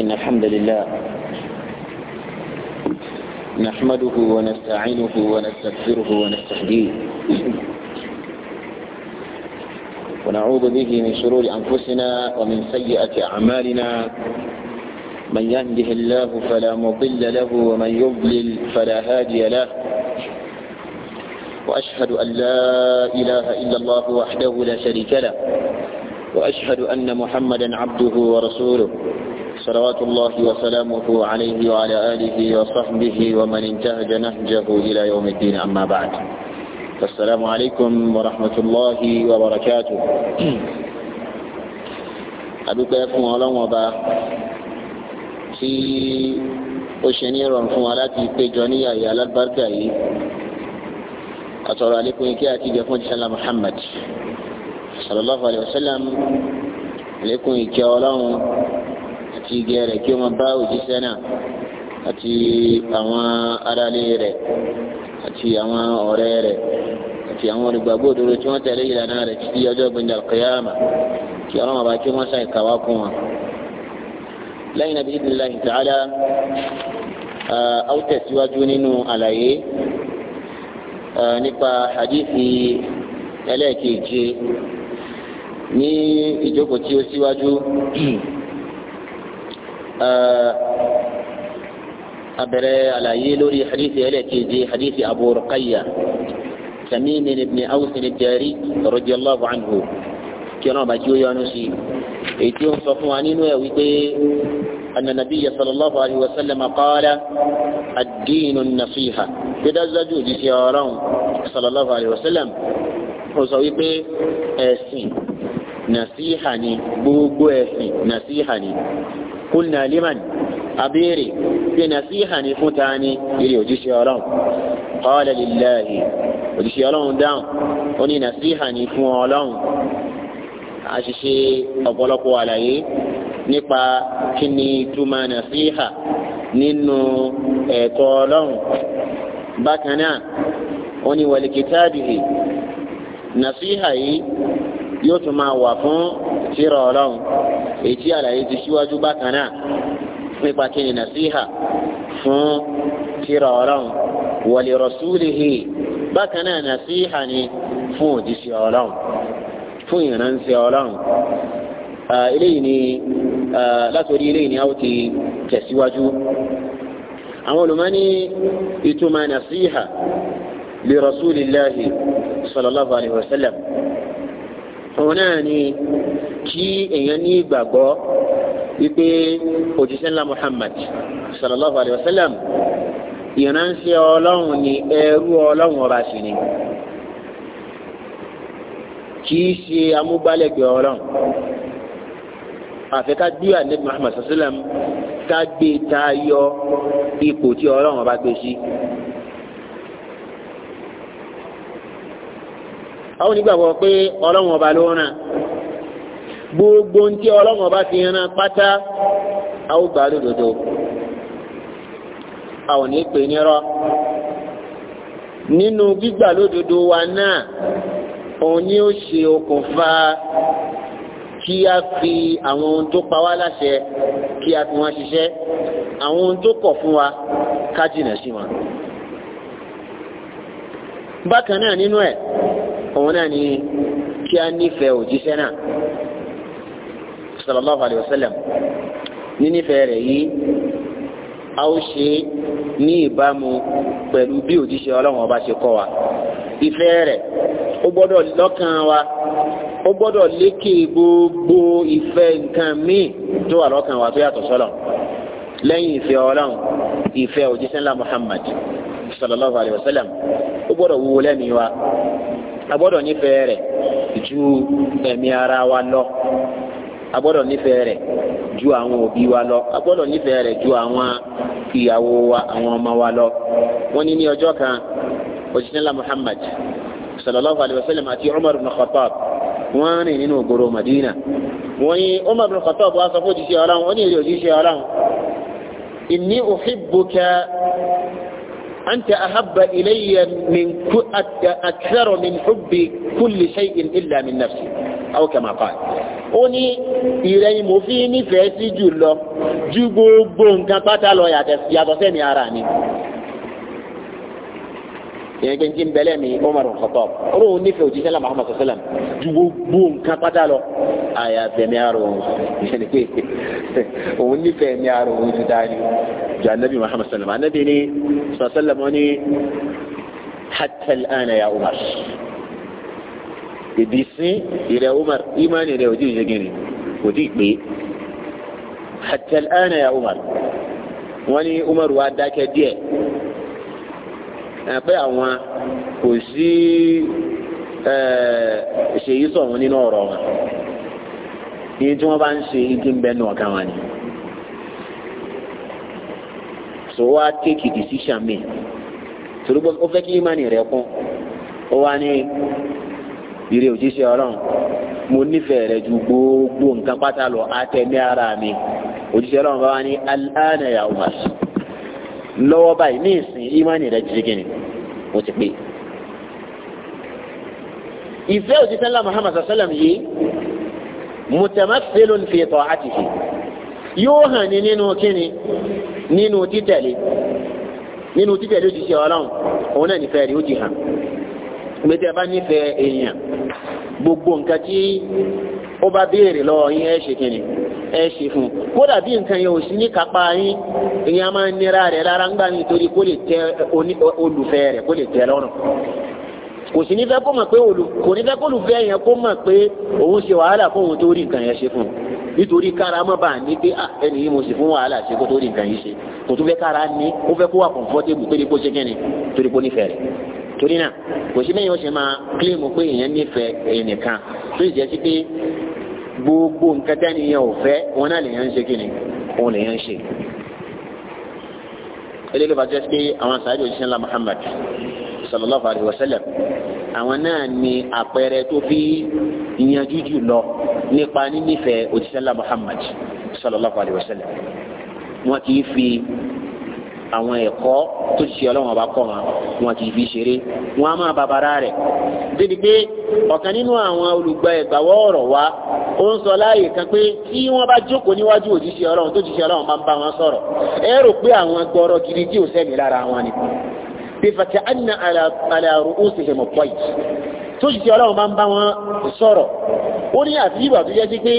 إن الحمد لله نحمده ونستعينه ونستغفره ونستهديه ونعوذ به من شرور أنفسنا ومن سيئة أعمالنا من يهده الله فلا مضل له ومن يضلل فلا هادي له وأشهد أن لا إله إلا الله وحده لا شريك له وأشهد أن محمدا عبده ورسوله صلوات الله وسلامه عليه وعلى آله وصحبه ومن انتهج نهجه إلى يوم الدين أما بعد فالسلام عليكم ورحمة الله وبركاته أدوك يفهم الله وبا في أشيني رنفو على تيجوني يا البركة أترى عليكم كي أتيجي فنجسل محمد صلى الله عليه وسلم عليكم إكي àti ìgẹ̀ rẹ̀ kí ó máa bá òjíṣẹ́ náà àti àwọn aráalé rẹ̀ àti àwọn ọ̀rẹ́ rẹ̀ àti àwọn olùgbàgbọ́ òdodo tí wọ́n tẹ̀lé ìlànà rẹ̀ títí ọjọ́ gbẹ̀ndà kìyàmà kí ọlọ́run ọba kí wọ́n ṣàì kàwá kún wọn. lẹ́yìn náà bí idhnillahi ta'ala a ó tẹ̀síwájú nínú àlàyé nípa hadithi ẹlẹ́ẹ̀keje ní ìjókòó tí ó síwájú. abẹrẹ àlàyé lórí hadithi ẹlẹ́kejì hadithi abu ruqayya tamim ibn awus ni dari radiyallahu anhu kí ọ̀nà bàjẹ́ ó yọnu sí èyí tí ó ń sọ fún wa nínú ẹ̀ wípé anna nabiyya sallallahu alayhi wa sallam qaala ad-dinu an-nasiha dídájú òjíṣẹ́ ọ̀rọ̀ sallallahu alayhi wa sallam ó sọ wípé ẹ̀sìn nasiha ni gbogbo ẹ̀sìn nasiha ni kulna liman abéèrè pé nasiha ni fún ta ni ìrì òjíṣẹ́ ọlọ́run qala lillahi òjíṣẹ́ ọlọ́run dáhùn ó ní nasiha ni fún ọlọ́run a sì ṣe ọ̀pọ̀lọpọ̀ àlàyé nípa kí ni túmọ̀ nasiha nínú ẹ̀tọ́ ọlọ́run bákan náà ó ní walikitabihi nasiha yìí yóò tún máa wà fún tírà ọlọ́run èyí tí àlàyé ti síwájú bákan náà nípa kí ni nàṣíhà fún tírà ọlọ́run wọlé rọ̀súlìhì bákan náà nàṣíhà ni fún òjíṣẹ́ ọlọ́run fún ìránṣẹ́ ọlọ́run eléyìí ni látòrí eléyìí ni a ó ti tẹ̀síwájú àwọn olùmọ́ni ìtumọ̀ nàṣíhà lè rọ̀súlìláhì sallallahu alayhi wa òun náà ni kí èèyàn ní ìgbàgbọ́ wípé òjíṣẹ́ ńlá Muhammad sallallahu alayhi wa sallam ìránṣẹ́ ọlọ́run ni ẹrú ọlọ́run ọba sì ni kì í ṣe amúgbálẹ́gbẹ̀ẹ́ ọlọ́run àfi ká gbé ànábì Muhammad sallallahu alayhi wa sallam ká gbé e tayọ ipò tí ọlọ́run ọba gbé sí. àwọn onígbàgbọ́ pé ọlọ́run ọba ló ràn gbogbo ntí ọlọ́run ọba ti ràn pátá àwọn gbà lódodo àwọn ní pè nírọ́ nínú gbígbà lódodo wa náà òun ni ó ṣe okùnfà kí a fi àwọn ohun tó pa wá láṣẹ kí a fi wọn ṣiṣẹ́ àwọn ohun tó kọ̀ fún wa ká sí wọn bákan náà nínú ẹ̀ òun náà ni kí a nífẹ̀ẹ́ òjíṣẹ́ náà sallallahu alayhi wa sallam nínífẹ̀ẹ́ rẹ̀ yìí a ó ṣe ní ìbámu pẹ̀lú bí òjíṣẹ́ ọlọ́run ọba ṣe kọ́ wa ìfẹ́ rẹ̀ ó gbọ́dọ̀ lọ́kàn wa ó gbọ́dọ̀ lékè gbogbo ìfẹ́ nǹkan míì tó wà lọ́kàn wa tó yàtọ̀ sọ́lọ̀ lẹ́yìn ìfẹ́ ọlọ́run ìfẹ́ òjíṣẹ́ ńlá Muhammad anabi sallallahu alayhi wa sallam ó gbọ́dọ̀ wúwo lẹ́mìí wa a gbọ́dọ̀ nífẹ̀ẹ́ rẹ̀ ju ẹ̀mí ara wa lọ a gbọ́dọ̀ nífẹ̀ẹ́ rẹ̀ ju àwọn òbí wa lọ a gbọ́dọ̀ nífẹ̀ẹ́ rẹ̀ ju àwọn ìyàwó wa àwọn ọmọ wa lọ wọ́n ní ní ọjọ́ kan òṣìṣẹ́lá Muhammad sallallahu alayhi wa sallam àti Umar ibn Khattab wọ́n rìn nínú ògbòrò Madina wọ́n yí Umar ibn Khattab wá sọ fún òṣìṣẹ́ Ọlọ́run ó ní èrè òṣìṣẹ́ Ọlọ́run inni uhibbuka أنت أحب إلي من أكثر من حب كل شيء إلا من نفسي أو كما قال ó ní ìrẹ̀yìn mo fi nífẹ̀ẹ́ sí jù lọ ju gbogbo nǹkan pátá lọ yàtọ̀ sẹ́ni ara mi ìyẹn kí n ti bẹ̀lẹ̀ mi Umar Khattab olóhùn nífẹ̀ẹ́ òjíṣẹ́ la Muhammad sallam ju gbogbo nǹkan pátá lọ àyà bẹ̀mí àrùn ìyẹn pé òun nífẹ̀ẹ́ mi àrùn òun ti dáa ni ju anabi Muhammad sallam anabi ni sallam wọn ni hatta al-ana ya Umar ìdísín ìrẹ̀ Umar ìmánì rẹ̀ òjì ìṣègìrì òjì ìpè hatta al-ana ya Umar wọn ni Umar wa dákẹ́ díẹ̀ ẹ eh, pé àwọn kò sí eh, ṣèyí sọ̀rọ̀ nínú ọ̀rọ̀ wọn iye tí wọ́n bá ń ṣe igi ń bẹnu ọ̀gá wọn ni so wá take decision mi torí pé ó fẹ́ kí ìmánì rẹ̀ kún ó wá ní ìrè òjíṣẹ́ ọlọ́run mo nífẹ̀ẹ́ rẹ̀ ju gbogbo nǹkan pátá lọ àtẹ̀mí ara mi òjíṣẹ́ ọlọ́run bá wá ní alánà yà ó máa lọ́wọ́ báyìí ní ìsìn ìmánì rẹ̀ ti gíni ó ti pé. ìfẹ́ òtítọ́ ńlá Muhammad sallam yìí mutamathilun fi ta'atihi yóò hàn ní nínú kíni nínú títẹ̀lé nínú títẹ̀lé òjijì ọlọ́run òun náà nífẹ̀ẹ́ rẹ̀ ó ti hàn gbẹdẹ bá nífẹ̀ẹ́ èèyàn gbogbo nǹkan tí ó bá béèrè lọ́wọ́ yín ẹ̀ ṣe kíni. ẹ ṣe fún kódà bí nǹkan yẹn sí ní kápá yín ìyẹn máa ń nira rẹ̀ lára ń gbà torí kó lè tẹ olùfẹ́ rẹ̀ kó lè tẹ lọ́rùn kò sí ní kó mọ̀ pé kò kó olùfẹ́ yẹn kó mọ̀ pé òun ṣe wàhálà fún òun tó rí nǹkan yẹn ṣe fún nítorí kára mọ́ bá ní pé ah, ẹni yìí mo sì fún wàhálà ṣe kó tó rí nǹkan yìí ṣe kò tún fẹ́ kára ní ó fẹ́ kó wà kọ̀ǹfọ́tébù ṣe torí gbogbo nǹkan tẹ́ni yẹn ò fẹ́ wọn náà lèyàn ń ṣe kí ni òun lèyàn ń ṣe. eléyìí bá jẹ́ pé àwọn sàájú òṣìṣẹ́ ńlá Muhammad sallallahu alayhi wa sallam àwọn náà ni àpẹẹrẹ tó fi ìyanjú jù lọ nípa nínífẹ̀ẹ́ òṣìṣẹ́ ńlá Muhammad sallallahu alayhi wa sallam wọn kì í fi àwọn ẹ̀kọ́ tó ṣe ọlọ́wọ́n bá kọ́ wọn wọn kì í fi ṣeré wọn á máa babara rẹ̀ débi pé ọ̀kan nínú àwọn olùgbà ẹ̀gbàwọ́ ọ̀rọ̀ wa ó ń sọ láàyè kan pé tí wọ́n bá jókòó níwájú òjíṣẹ́ ọlọ́run tó jíṣẹ́ ọlọ́run bá ń bá wọn sọ̀rọ̀ ẹ rò pé àwọn gbọ́rọ̀ gidi tí ò sẹ́mi lára wọn ni bífàtí àná àlàrú ó sì lè mọ̀ pọ̀ yìí tó jíṣẹ́ ọlọ́run bá ń bá wọn sọ̀rọ̀ ó ní àfihàn tó jẹ́ sí pé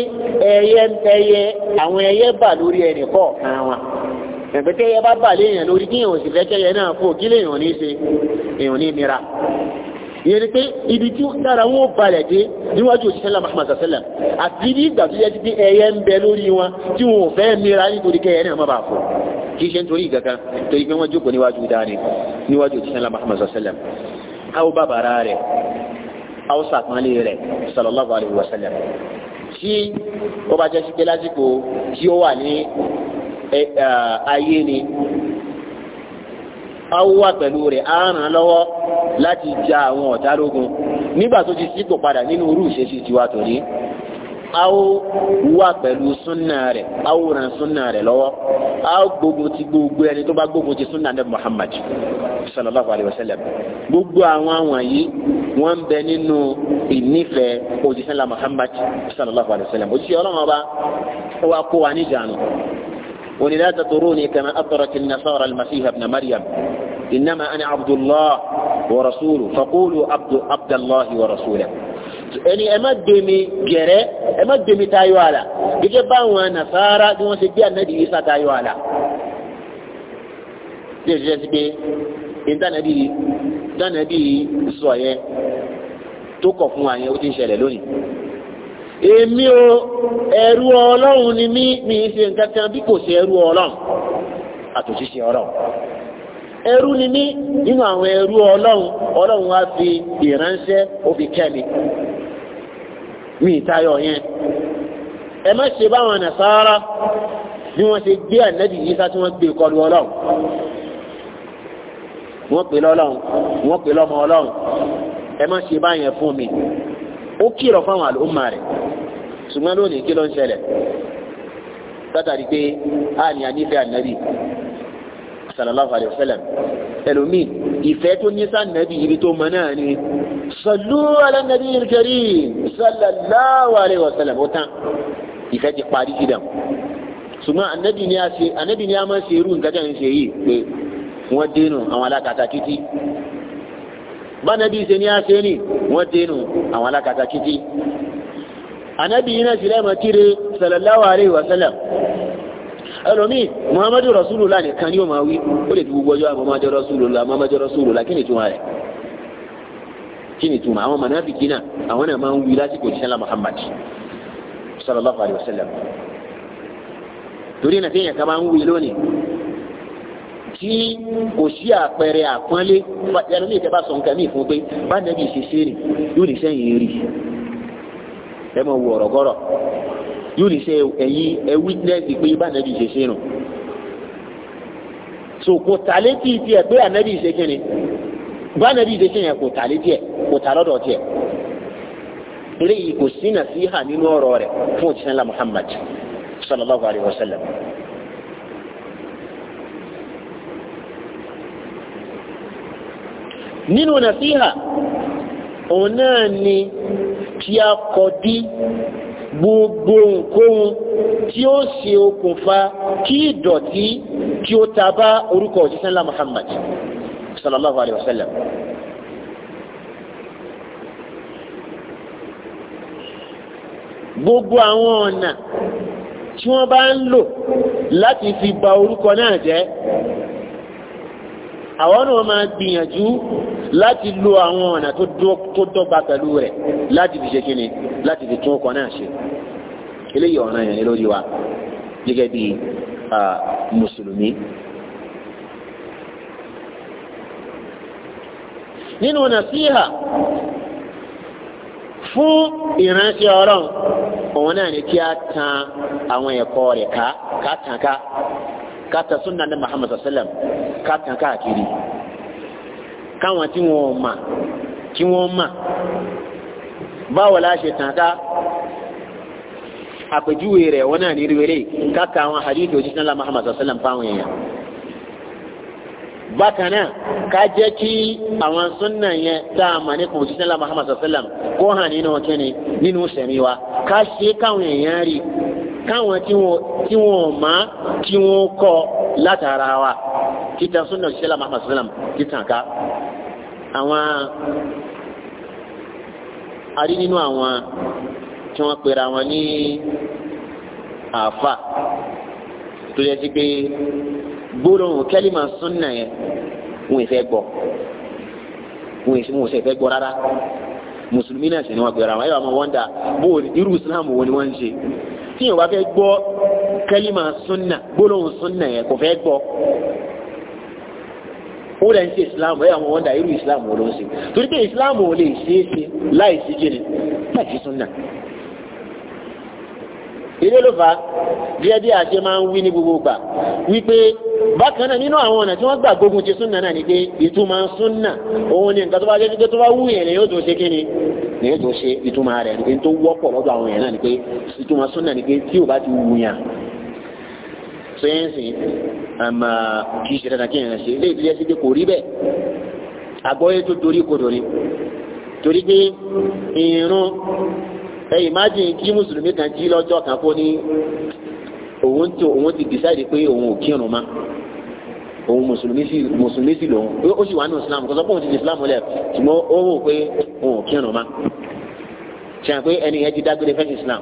ẹyẹ ń tẹyẹ àwọn ẹyẹ bà lórí ẹnì kọ̀ọ̀kan wọn ẹ̀pẹ́tẹ́ yẹ bá bà léèyàn lórí kí èèyàn sì fẹ́ kẹ́yẹ náà fò kí léèyàn ní ṣe èèyàn ní mira ìyẹn ni pé ibi tí dára wọn balẹ̀ dé níwájú òṣìṣẹ́ làmà Muhammad sàṣẹ́lẹ̀ àti ní ìgbà tó yẹ ti pé ẹyẹ ń bẹ lórí wọn tí wọn ò fẹ́ mira nítorí kẹ́yẹ náà má bàa fò kì í ṣe nítorí ìgbàkan torí pé wọ́n jókòó níwájú dání níwájú òṣìṣẹ́ làmà ayé ni a wà pẹ̀lú rẹ̀ a ràn lọ́wọ́ láti ja àwọn ọ̀tá lógun nígbà tó ti sípò padà nínú irú ìṣesí tiwa tòní a ó wà pẹ̀lú súnà rẹ̀ a ó ràn súnà rẹ̀ lọ́wọ́ a ó ti gbogbo ẹni tó bá gbógun ti súnà ní Muhammad sallallahu alayhi wa sallam gbogbo àwọn wọ̀nyí wọ́n bẹ nínú ìnífẹ̀ẹ́ òjíṣẹ́ la Muhammad sallallahu alayhi wa sallam òjíṣẹ́ ọlọ́run ọba ó wá kó wa níjànú. قل لا تطروني كما أطرت النصارى المسيح ابن مريم إنما أنا عبد الله ورسوله فقولوا عبد, عبد الله ورسوله أني أمد مي جراء أمد مي تايوالا يجب أن هو نصارى دون سجاء النبي إيسا تايوالا يجب أن إذا نبي نبي سوية توقف معي وتنشأ لوني èmi o ẹrú ọlọ́run ni mí mi ṣe nǹkan kan bí kò ṣe ẹrú ọlọ́run àtòṣìṣẹ́ ọlọ́run ẹrú ni mí nínú àwọn ẹrú ọlọ́run ọlọ́run wá fi ìránṣẹ́ ó kẹ́mi mi ìtayọ̀ yẹn ẹ má ṣe báwọn nàṣàrà bí wọ́n ṣe gbé ànábì Ìsá tí wọ́n gbé kọlu ọlọ́run wọ́n pè lọ́lọ́run wọ́n pè lọ́mọ ọlọ́run ẹ má ṣe báyẹn fún mi ó kìlọ̀ fáwọn àlùmọ́ rẹ̀ ṣùgbọ́n lónìí kí ló ń ṣẹlẹ̀ látàrí pé a ní anífẹ́ ànábì sallallahu alayhi wa sallam ẹlòmíì ìfẹ́ tó ní sànábì ibi tó mọ náà ni sallu ala nabiyil karim sallallahu alayhi wa sallam ó tán ìfẹ́ ti parí sí dàn ṣùgbọ́n ànábì ni a máa ṣe irú nǹkan tí a ń ṣe yìí pé wọ́n dénú àwọn alákatakítí bánẹ́bí ṣe ní àṣẹ ní wọ́n dénú àwọn alákàtà títí anábì yìí náà sì lẹ́mọ̀ kíre sallallahu alaihi wasallam ẹlòmí muhammadu rasulullah nìkan ni ó máa wí ó lè fi gbogbo ọjọ́ ah, muhammadu rasulullah muhammadu rasulullah kí ni túmọ̀ rẹ̀ kí ni túmọ̀ àwọn mọ̀nàfíkì náà àwọn náà máa ń wí lásìkò ìṣẹ́lá muhammad sallallahu alaihi wasallam torí náà téèyàn kan ń wí lónìí tí kò sí àpẹẹrẹ àpọ́nlé ẹnu ní ìtẹ́bá sọ nǹkan ní ìfún pé bá nẹ́bí ṣe ṣe rìn yóò ní sẹ́yìn rí ẹ mọ̀ wọ yóò ní sẹ́ pé bá so kò tà létí tiẹ̀ pé ànẹ́bí ṣe kí ni bá nẹ́bí ṣe ṣe yẹn kò tà létí kò tà lọ́dọ̀ tiẹ̀ eléyìí kò sí nínú ọ̀rọ̀ rẹ̀ nínú nàfíhà òun náà ni kí a kọ dí gbogbo nkóhun tí ó ṣe okùnfà kí ìdọ̀tí kí ó ta bá orúkọ òjíṣẹ́ Muhammad sallallahu alaihi wasallam. sallam gbogbo àwọn ọ̀nà tí wọ́n bá ń lò láti fi ba orúkọ náà jẹ́ àwọn náà máa gbìyànjú láti lo àwọn ọ̀nà tó dọ́gba pẹ̀lú rẹ̀ láti fi ṣe kíni láti fi tún ọkọ̀ náà ṣe eléyìí ọ̀nà yẹn ni lórí wa gẹ́gẹ́ bí mùsùlùmí. nínú nàṣíhà fún ìránṣẹ́ ọlọ́run òun náà ni kí a tan àwọn ẹ̀kọ́ rẹ̀ ká ká tàn ká. ká tan súnà Muhammad sallam ká tan káàkiri káwọn tí wọ́n mà kí wọ́n mà báwo la ṣe tàn ká àpèjúwe rẹ̀ wọ́n náà ní rere hadith òjijì náà Muhammad sallam fáwọn èèyàn bákan náà ká jẹ́ kí àwọn súnà yẹn tá a mọ̀ nípa òjijì náà sallam kó hàn nínú kíni nínú sẹ̀mí wa ká ṣe káwọn èèyàn rí káwọn tí wọn mọ̀ tí wọn kọ́ látara wa títan súnà ìṣẹ́lá mahmud sallam títan ká àwọn arí nínú àwọn tí wọ́n pera wọn ní àáfà tó yẹ sí pé gbólóhùn kẹ́límà súnà yẹn wọn ì fẹ́ gbọ́ wọn ì fẹ́ gbọ́ rárá mùsùlùmí náà sì ni wọ́n pera wọn ẹ̀ wọ́n wọ́n dà bó irú islam wo ni wọ́n ń ṣe tí yóò bá fẹ́ gbọ́ kẹ́límà súnà gbólóhùn súnà yẹn kò fẹ́ gbọ́ ó rẹ̀ ń ṣe islam ẹ̀yà wọn wọ́n dà irú islam wọn ló ń ṣe torí pé islam ò lè ṣeé ṣe láì sí jẹ́ni láì sí súnà ilé ló fà á díẹ̀ àṣẹ máa ń wí ní gbogbo gbà wípé bákan náà nínú àwọn ọ̀nà tí wọ́n gbà gbógun ti súnà náà ni pé ìtumọ̀ súnà òun ni nǹkan tó bá jẹ́ pé tó bá wù yẹn lè yóò tó ṣe kí ni lè yóò tó ṣe ìtumọ̀ rẹ̀ ni pé tó wọ́pọ̀ lọ́dọ̀ àwọn yẹn náà ni pé ìtumọ̀ súnà ni pé tí ò bá ti wù yàn sẹ́yìnsì àmà um, uh, kìí ṣe dandan kí n ṣe ilé ìdílé ṣe kò rí bẹ́ẹ̀ àgbọ́yé tó torí kodò ni torí pé ìrún ẹ imagine kí mùsùlùmí kan jí lọ́jọ́ kan kó ní òun ti òun ti decide pé òun ò kírun mọ́ òun mùsùlùmí sì mùsùlùmí sì lòun ó sì wà ní islam kò sọ pé òun ti di islam lẹ ṣùgbọ́n ó rò pé òun ò kírun mọ́ ṣe pé ẹni yẹn ti dágbére fẹ́ islam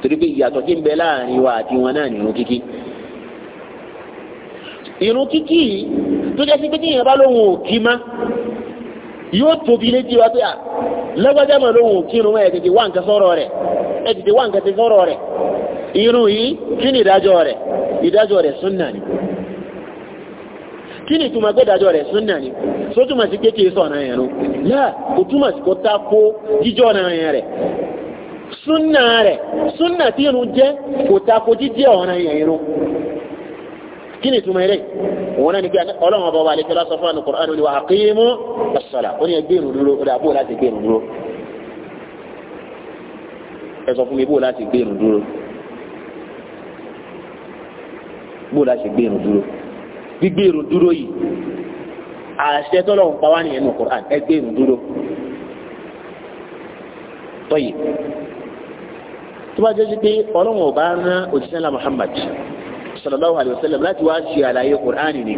torí pé ìyàtọ̀ tí ń bẹ láàrin wa àti wọn náà nìrun kíkí ìrun kíkí tó jẹ́ sí pé tí ìyẹn bá lóun ò kí mọ́ yóò tóbi létí wa pé à lọ́gbọ́dá mà ló wò kírun ẹ̀ tètè wá nǹkan sọ̀rọ̀ rẹ̀ ẹ̀ tètè wá nǹkan sọ̀rọ̀ rẹ̀ irun yìí kí ni ìdájọ́ rẹ̀ ìdájọ́ rẹ̀ súnà ni kí ni ìtumọ̀ pé ìdájọ́ rẹ̀ súnà ni tó túmọ̀ sí pé kí sọ̀nà yẹn rún kò túmọ̀ sí kó tá kó jíjọ́ ọ̀nà yẹn rẹ̀ súnà rẹ̀ súnà tí irun jẹ́ kò tá kó jíjẹ́ ọ̀nà yẹn rún kí ni ìtumọ̀ eléyìí òun náà ni pé ọlọ́run ọba wa lè fẹ́lá sọ fún àwọn Kùránì ni wà á kéé mú ọ̀sọ̀là ó ní ẹ gbẹ̀rù dúró ó dàbò láti gbẹ̀rù dúró ẹ fún mi bó láti gbẹ̀rù dúró bó láti gbẹ̀rù dúró gbígbèrò dúró yìí àṣẹ tọ́lọ̀ ń pa wá nìyẹn nù Qur'an ẹ gbèrò dúró tọ́yì tó bá jẹ́ sí pé ọlọ́run ọba rán òjíṣẹ́ sallallahu alaihi láti wá ṣe àlàyé Kùránì ni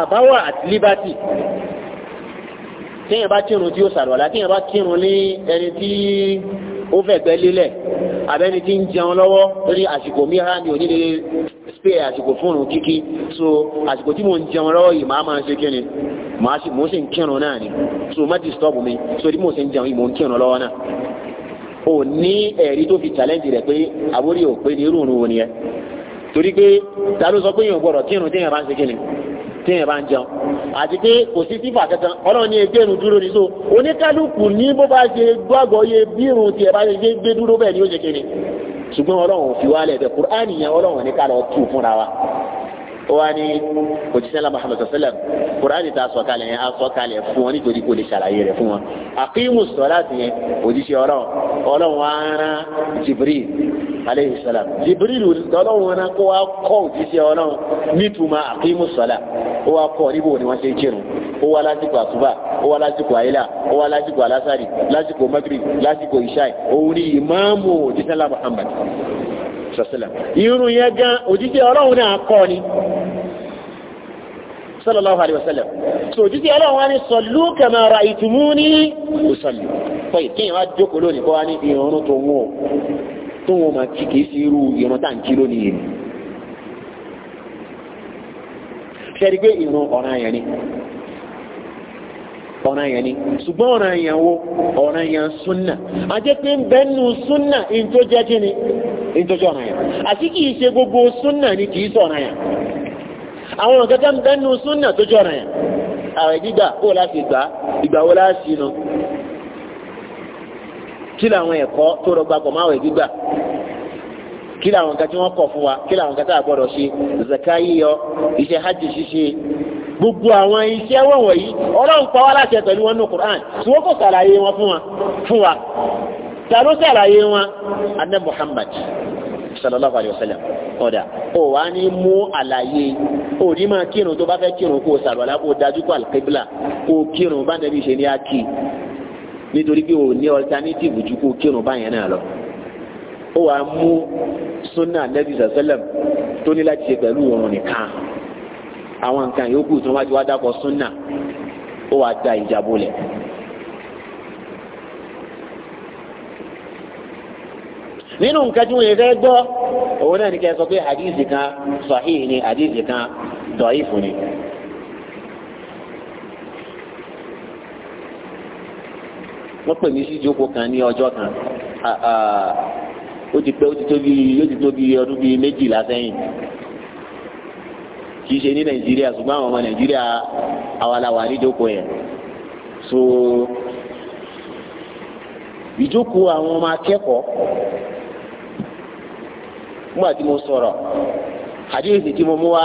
àbáwà at liberty téèyàn bá kírun tí ó sàlùwàlá téèyàn bá kírun ní ẹni tí ó fẹ̀gbẹ́ lélẹ̀ abẹ́ni tí ń jẹun lọ́wọ́ lórí àsìkò mìíràn ní onílé spare àsìkò fóònù kíkí so àsìkò tí mo ń jẹun lọ́wọ́ yìí máa máa ṣe kíni mo sì ń kírun náà ni so má disturb mi so tí mo sì ń jẹun yìí mo ń kírun lọ́wọ́ náà o ní ẹ̀rí tó fi challenge rẹ̀ pé àwórí ò irú òun wo ni torí pé ta ló sọ pé èèyàn gbọ́dọ̀ kírun téèyàn bá ń ṣe kíni téèyàn bá ń jẹun àti pé kò sí sífà kankan ọlọ́run ní ẹgbẹ́ irun dúró ní so oníkálukú ní bó bá ṣe gbàgbọ́ yẹ bí irun tiẹ̀ bá ṣe gbé dúró bẹ́ẹ̀ ni ó ṣe kíni ṣùgbọ́n ọlọ́run fi wálẹ̀ bẹ́ẹ̀ kúránì yẹn ọlọ́run ní ká lọ tù fúnra wa wa ni kò tí sẹ́la muhammed sọ́sẹ́lẹ̀ kuraani ta sọ kalẹ̀ yẹn a sọ kalẹ̀ fún wọn nítorí kò lè ṣàlàyé rẹ̀ fún wọn. àkímù sọ̀rọ̀ àti yẹn òjíṣẹ́ ọlọ́run ọlọ́run wa ara jibril aleyhi salam jibril ọlọ́run wọn kó wa kọ́ òjíṣẹ́ ọlọ́run nítumọ̀ àkímù sọ̀lá ó wa kọ́ níbo ni wọ́n ṣe kírun ó wa lásìkò àtúbà ó wa lásìkò àyílà ó wa lásìkò alásàrì lásìkò maghrib lásìkò ìṣáì sọ̀sílẹ̀ irun yẹn gan òjíṣẹ́ ọlọ́run náà kọ́ ni sallallahu alayhi wa sallam so òjíṣẹ́ ọlọ́run wa ni sọ̀lú kama ra'aytumuni usalli pẹ̀lú kí wọ́n á jókòó lónìí kó wá ní irun tó wọ́n tó wọ́n máa kí kìí sí irú irun tá à ń ọ̀ràn yẹn ọ̀ràn yẹn ni ṣùgbọ́n ọ̀ràn yẹn wo ọ̀ràn yẹn súnà a jẹ́ pé bẹ́nu súnà jẹ́ kí ni jẹ́ ọ̀ràn yẹn àti gbogbo súnà ni ka sọ ọ̀ràn yẹn àwọn ọ̀ràn kẹta ń bẹ́nu súnà tó jẹ́ ọ̀ràn yẹn ààrẹ gbígbà ó láti gbà ìgbà wo láti nu kí làwọn ẹ̀kọ́ tó gbígbà kí làwọn tí wọ́n kọ̀ fún wa kí làwọn a gbogbo àwọn iṣẹ́ wọ̀wọ̀ yìí ọlọ́run pa wá láṣẹ pẹ̀lú wọn ní Qur'an tí wọ́n kò sàlàyé wọn fún wa ta ló sàlàyé wọn adé Muhammad sallallahu alayhi wa sallam ọ̀dà ó wá ní mú àlàyé òní máa kírun tó bá fẹ́ kírun kó sàlọ́lá kó dájú kó alqibla kó kírun bá nàbí ṣe ní ákì nítorí pé ò ní alternative ju kó kírun báyẹn náà lọ ó wá mú sunna nabi sallam tó ní láti ṣe pẹ̀lú òun nìkan àwọn nǹkan yòókù tí wọ́n bá ti wá dákọ̀ súnà ó wàá da ìjàbọ̀ lẹ̀. nínú nǹkan tí wọ́n yẹ fẹ́ gbọ́ òun náà ní kẹ́ ẹ sọ pé àdìsí kan sahih ni àdìsí kan dọ̀ífù ni. wọ́n pè mí sí ìjókòó kan ní ọjọ́ kan ó ti pẹ́ ó ti tó bí ọdún bíi méjìlá sẹ́yìn kì í ṣe ní nàìjíríà ṣùgbọ́n àwọn ọmọ nàìjíríà awalawa níjókòó yẹn so ìjókòó àwọn ọmọ akẹ́kọ̀ọ́ nígbà tí mo sọ̀rọ̀ hadith tí mo mú wá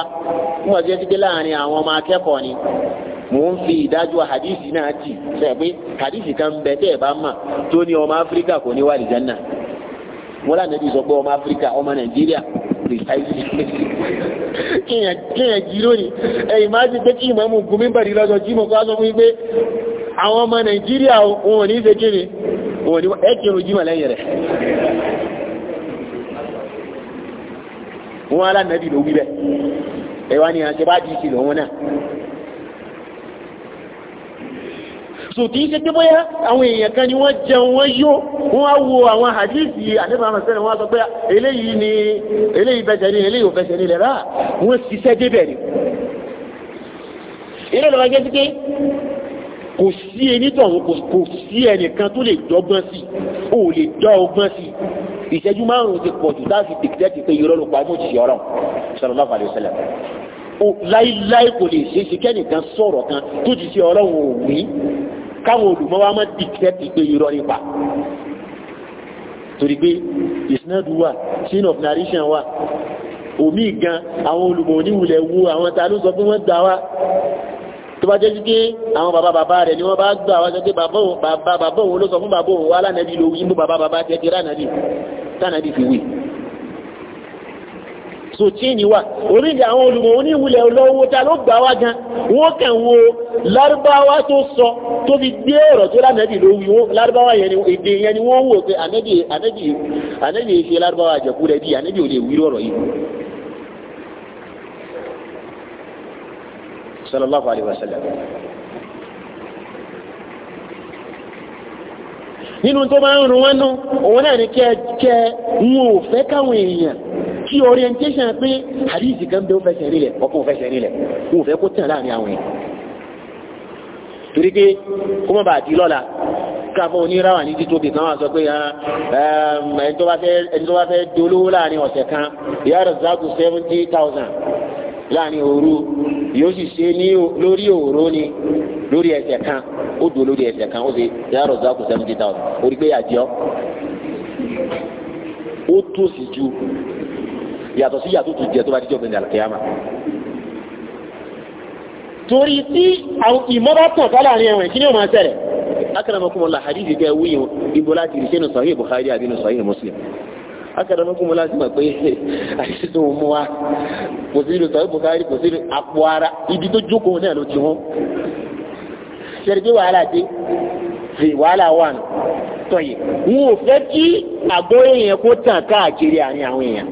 nígbà tí ó ti dé láàrin àwọn ọmọ akẹ́kọ̀ọ́ ni mo ń fi ìdájọ́ hadith náà tì sẹ́ẹ̀ hadith kan bẹ tẹ́ ẹ̀ bá mà tó ní ọmọ áfíríkà kò ní wà ní Janna mo lánàá sọ pé ọmọ áfíríkà ọmọ nàìjíríà precisely kíyàn jí lónìí ẹ̀yìn máa ti pé kí ìmọ̀ mú gúnmí bẹ̀rẹ̀ lọ́jọ́ jí mọ̀ kọ́ sọ fún ipé àwọn ọmọ Nàìjíríà òun ní ṣe kíni òun ní ẹkìrún jímọ̀ lẹ́yìn rẹ̀ wọ́n alánàbì ló wí bẹ́ẹ̀ ẹ̀wà ni àṣẹ bá di ìṣìlò wọn náà so kìí ṣe pé bóyá àwọn èèyàn kan ni wọ́n jẹun wọ́n yó wọ́n á wo àwọn hadithi àdébàmà sẹ́lẹ̀ wọ́n á sọ pé eléyìí ni eléyìí bẹ̀jẹ̀ ni eléyìí ò bẹ̀jẹ̀ ni lẹ́rà wọ́n ṣiṣẹ́ débẹ̀ ni ilé ìlọ́wọ́ jẹ́ sí pé kò sí enítọ̀hún kò sí ẹnìkan tó lè dọ́gbọ́n sí ò lè dá ọgbọ́n sí ìṣẹ́jú márùn-ún ti pọ̀ jù láti dìkítẹ́tì pé irọ́ ló pa mọ́ òjìṣẹ́ ọ̀rọ̀ sallallahu alaihi wasallam láíláí kò lè ṣe é ṣe kẹ́nìkan sọ̀rọ̀ kan tó ti ṣe ọlọ́run òwú káwọn olùmọ̀ wa má ti tẹ́ ti pé irọ́ nípa torí pé ìsinadu wà chain of narration wà omi gan àwọn olùmọ̀ oníwulẹ̀ wo àwọn ta ló sọ pé wọ́n gbà wá tó bá jẹ́ pé àwọn bàbá bàbá rẹ̀ ni wọ́n bá gbà wá sọ pé bàbá bàbá òun ló sọ fún bàbá òun wá lánàbí ló wí mú bàbá bàbá tẹ́ ti ránàbí tánàbí fi wí sòtíìnì wà orílẹ̀ àwọn olùmọ̀ oníwulẹ̀ olówó ta ló gbà wá gan wọ́n kàn wo lárúbáwá tó sọ tó fi gbé ọ̀rọ̀ tó lánàbì ló wí lárúbáwá yẹn èdè yẹn ni wọ́n wò pé ànẹ́bì ànẹ́bì ṣe lárúbáwá àjẹkù rẹ̀ bí ànẹ́bì ò lè wí ọ̀rọ̀ yìí sallallahu alaihi wasallam nínú tó máa ń rún wọn nú òun náà ni kẹ kẹ wọn ò fẹ́ káwọn èèyàn kí orientation pé àdìsí kan bẹ́ẹ̀ ó fẹsẹ̀ rí lẹ̀ ọkọ̀ fẹsẹ̀ rí lẹ̀ wọn ò fẹ́ kó tẹ̀ láàrin àwọn yẹn torí pé kó má bàa di lọ́la káfọ́ oníráwà ní títóbi kan wà sọ pé ah, um, ẹni tó bá fẹ́ dolówó láàrin ọ̀sẹ̀ kan ìyá rẹ̀ záàkù seventy thousand láàrin òru yóò sì ṣe ní lórí òru ni lórí ẹsẹ̀ kan ó do lórí ẹsẹ̀ kan ó ṣe ìyá rẹ̀ záàkù seventy orí pé àjọ ó tó sì ju yàtọ̀ sí yàtọ̀ tó jẹ tó bá dijọ́ gbẹ̀ndẹ̀ àlùkìyàmà. torí tí àwọn ìmọ̀bá ẹ̀wọ̀n kí ni ó máa ṣẹlẹ̀ akramakumullah hadith kẹ wúyìn ibo láti rí sẹ́nu sahih bukhari àbínú sahih muslim akramakumullah ti mọ̀ pé àṣìṣe tó mú wa kò sí ìlú sahih bukhari kò sí ìlú àpò ara ibi tó jókòó náà ló ti hún ṣẹlẹ̀ pé wàhálà dé fi wàhálà wà nù tọ̀yẹ̀ wọn ò fẹ́ kí àgbọ̀ èèyàn kó tàn káàkiri àárín àwọn èèyàn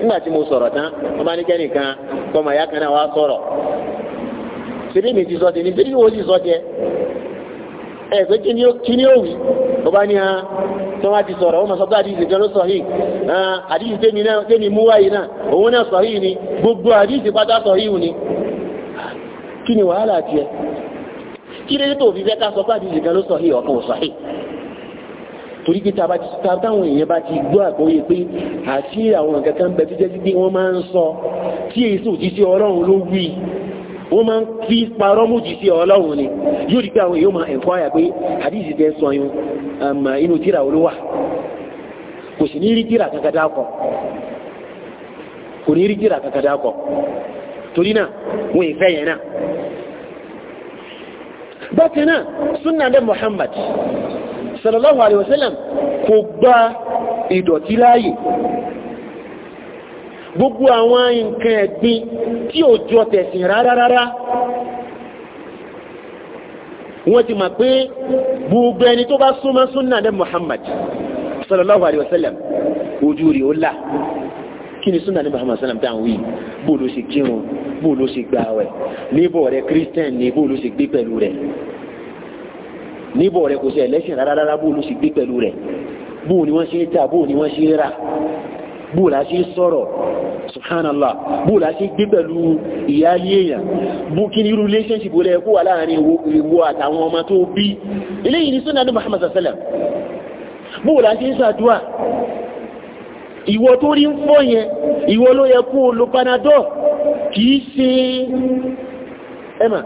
nígbà tí mo sọ̀rọ̀ tán wọ́n bá ní kẹ́nìkan kọ́mọ ìyá kan náà wá sọ̀rọ̀ ṣèlú mi ti sọ ti ní ṣèlú mi sì sọ tiẹ̀ ẹ pé kí ni ó wí ó bá ní hàn tó wá ti sọ̀rọ̀ ó ma sọ pé àdìsí kan ló sọ yìí ah, àdìsí tẹ́mi náà tẹ́mi mú wáyé náà òun náà sọ yìí ni gbogbo àdìsí pátá sọ yìí ni kí ni wàhálà tiẹ̀ kí lè tó fi fẹ́ ká sọ pé àdìsí kan ló sọ yìí ọ̀kan sọ yìí torí pé tàbá ti táwọn èèyàn bá ti gbọ́ àgbọ́yé pé àti àwọn nǹkan kan bẹ tó jẹ́ sí pé wọ́n máa ń sọ tí èsì òjíṣẹ́ ọlọ́run ló wí wọ́n máa ń fi parọ́ mú jíṣẹ́ ọlọ́run ni yóò rí pé àwọn èèyàn máa ẹ̀kọ́yà pé àdíjì tẹ́ sọ yun um, inú tíra olówà kò sì ní rí tíra kankan dákọ̀ kò ní rí tíra kankan dákọ̀ Muhammad sallallahu alaihi wasallam kò gba ìdọ̀tí láàyè gbogbo àwọn nǹkan ẹ̀gbin tí ò jọ tẹ̀sìn rárá rárá wọ́n ti mọ̀ pé gbogbo ẹni tó bá súnmọ́ súnnà ní Muhammad sallallahu alaihi wasallam ojú rí ó là kí ni súnnà ní Muhammad sallam dáhùn wí bó ló ṣe kírun bó ló ṣe gbààwẹ̀ níbọ̀ rẹ̀ kírísítẹ̀n ni bó níbọ̀ rẹ kò sí ẹlẹ́sìn rárá rárá bó ló sì gbé pẹ̀lú rẹ̀ bó ni wọ́n ṣe ń ta bó ni wọ́n ṣe ń rà bó la ṣe ń sọ̀rọ̀ subhanallah bó la ṣe gbé pẹ̀lú ìyáálé èèyàn bó kí ni irú relationship wo lẹ́yìn kó wà láàrin ìwọ àtàwọn ọmọ tó bí eléyìí ni sunnah Muhammad sallam bó la ṣe ń ṣàdúrà ìwọ tó rí ń fọ́ yẹn ìwọ ló yẹ kó o lo panadol kì í ṣe ẹ̀mà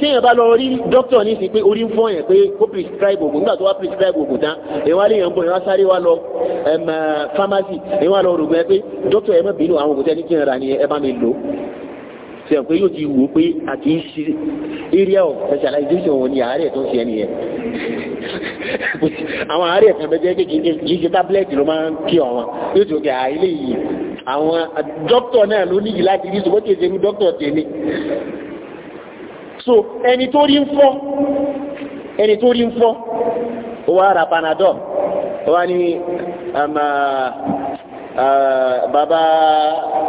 tí èèyàn bá lọ rí dókítà ní sí pé orí ń fọ́ yẹn pé kó prescribe oògùn nígbà tó wá prescribe oògùn tán èèwọ̀n alẹ́ yẹn ń bọ̀ èèwọ̀n sáré wa lọ pharmacy èèwọ̀n lọ rògbò ẹ pé dókítà ẹ má bínú àwọn oògùn tẹ́ni kí n ra ni ẹ bá mi lò ṣe pé yóò ti wò pé a kì í ṣe area of specialization wọn ni àárẹ̀ tó ń ṣe ẹni yẹn àwọn àárẹ̀ kan bẹ jẹ́ kí kì í ṣe tábìlẹ́tì ló máa ń kí ọ̀wọ́n yóò ti wò pé à ilé yìí àwọn dókítà náà ló níyì láti rí ṣùgbọ́n kì í ṣe irú dókítà tèmi so ẹni tó rí ń fọ́ ẹni tó rí ń fọ́ ó wá ra panadol ó wá ní um, uh, uh, bàbá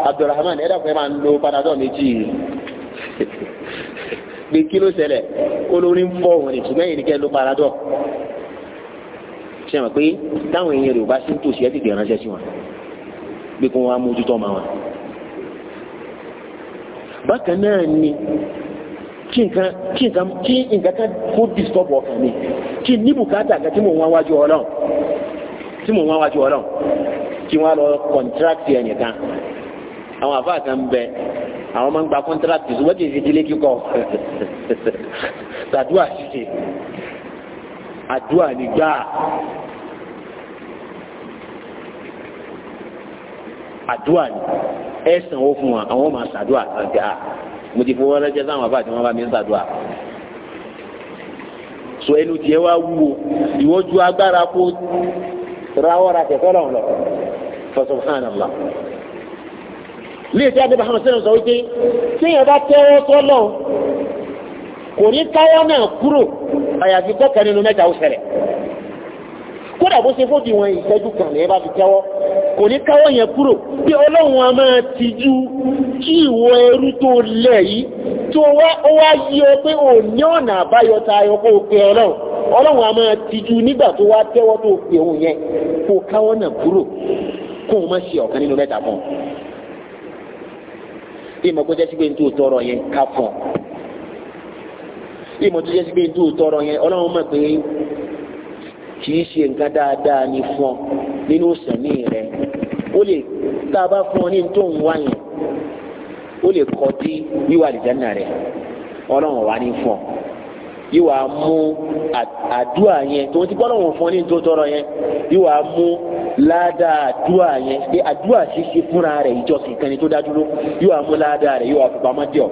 Abdulrahman ẹ̀dá pé máa ń lo panadol méjì pé kí ló ṣẹlẹ̀ olórin ń fọ́ òun ni ṣùgbọ́n èyí ni kẹ́ ló panadol ṣe mọ̀ pé táwọn èèyàn Yorùbá sí ń tòṣì ẹ́ tètè ránṣẹ́ sí wọn pé kí wọ́n á mójútó ọmọ wọn bákan náà ni kí nǹkan kí nǹkan kí nǹkan kan kó disturb ọkàn mi kí ní bùkátà kan tí mò ń wá wájú ọlọ́run tí mò ń wá wájú ọlọ́run kí wọ́n á lọ contract ẹnìkan àwọn àfáà kan bẹ àwọn máa ń gba contract ṣùgbọ́n kì í ṣe délé kíkọ ṣàdúrà ṣíṣe àdúrà nígbà àdúrà ẹ̀sán ó fún wa àwọn máa ṣàdúrà kan mo ti fowó ránṣẹ́ sáwọn àfáà tí wọ́n bá mi ń ṣàdúrà so ẹnu tiẹ̀ wá wúwo ìwọ ju agbára kó rawọ́ ra tẹ̀sọ́ lọ́wọ́ lọ subhanallah lè tí adébá hàn sẹ́yìn sọ wípé téèyàn bá tẹ́wọ́ sọ́lọ́ kò ní káwọ́ náà kúrò àyàfi kọ́kẹ́ nínú mẹ́ta ó ṣẹlẹ̀. kódà bó ṣe fóbi wọn ìṣẹ́jú kan lè bá fi kẹ́wọ́ kò ní káwọ́ yẹn kúrò pé ọlọ́run a máa ti ju kí ìwọ ẹrú tó lẹ̀ yìí tó wá ó wá yí ọ pé ò ní ọ̀nà àbáyọ ta ayọ o ọlọ́run ọlọ́run a máa ti ju nígbà tó wá tẹ́wọ́ tó òun yẹn káwọ́ náà kúrò kó o má ṣe ọ̀kan nínú mẹ́ta ìmọ̀ jẹ́ tó tọrọ yẹn ká fún kì í ṣe nǹkan dáadáa ní fún ọ nínú sẹ̀mí rẹ ó lè tá a bá fún ọ ní tó ń wá yẹn ó lè kọ́ dí wíwà àlìjáná rẹ ọlọ́run wà ní fún ọ yíwà mú àdúrà yẹn tó ń ti gbọ́dọ̀ fún ọ ní tó tọrọ yẹn yíwà mú ládàá àdúrà yẹn pé àdúrà ṣíṣe fúnra rẹ̀ ìjọsìn kan ni tó dájú ló yíwà mú ládàá rẹ̀ yíwà fipamọ́ díọ̀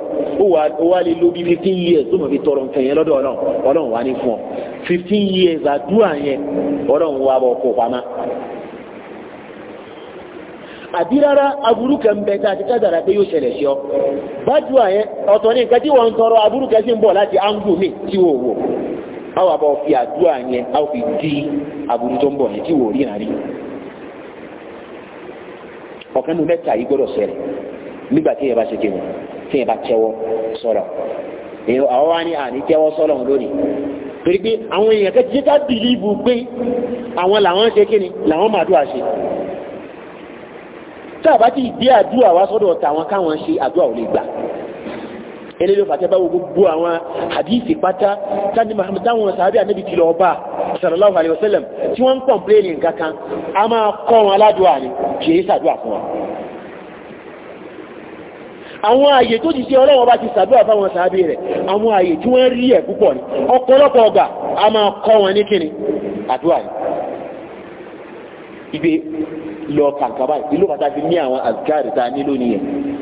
ó wà lè lo bíi fifteen years tó mọ̀ fi tọrọ nǹkan yẹn lọ́dọ̀ ọlọ́run ọlọ́run wà ní fún ọ fifteen years adu yẹn ọlọ́run wà bọ̀ kó pamọ́ adirara aburu aburú kan bẹ tá a ti kádàrà pé yóò ṣẹlẹ̀ sí ọ bájú àyẹn ọ̀tọ̀ aburu nǹkan si wọ́n ń tọrọ aburú kan sì ń bọ̀ láti a fi fi di tó nígbà tí bá kéwòn tí bá torí pé àwọn èèyàn kẹ́ jẹ́ ká bìlíìbù pé àwọn làwọn ṣe kíni làwọn máa dúà ṣe tá a bá ti gbé àdúrà wá sọ́dọ̀ tàwọn káwọn ṣe àdúrà ò lè gbà eléyìí fàtẹ́ bá wo gbogbo àwọn hadithi pátá tani Muhammad táwọn sàábí ànábì ti lọ bá sallallahu alaihi wasallam tí wọ́n ń kọ̀m̀pléènì nǹkan kan a máa kọ́ wọn aládùá ni kì í sàdúà fún wa àwọn ààyè tó ti ṣe ọlọ́wọ́ bá ti sàdúrà fáwọn sàábé rẹ̀ àwọn ààyè tí wọ́n rí ẹ̀ púpọ̀ ní ọ̀pọ̀lọpọ̀ ọgbà a máa kọ́ wọn ní kíni àdúrà ní ibi lọ kàǹkàbá ìlú pàtàkì ní àwọn àzùkárì ta nílò nìyẹn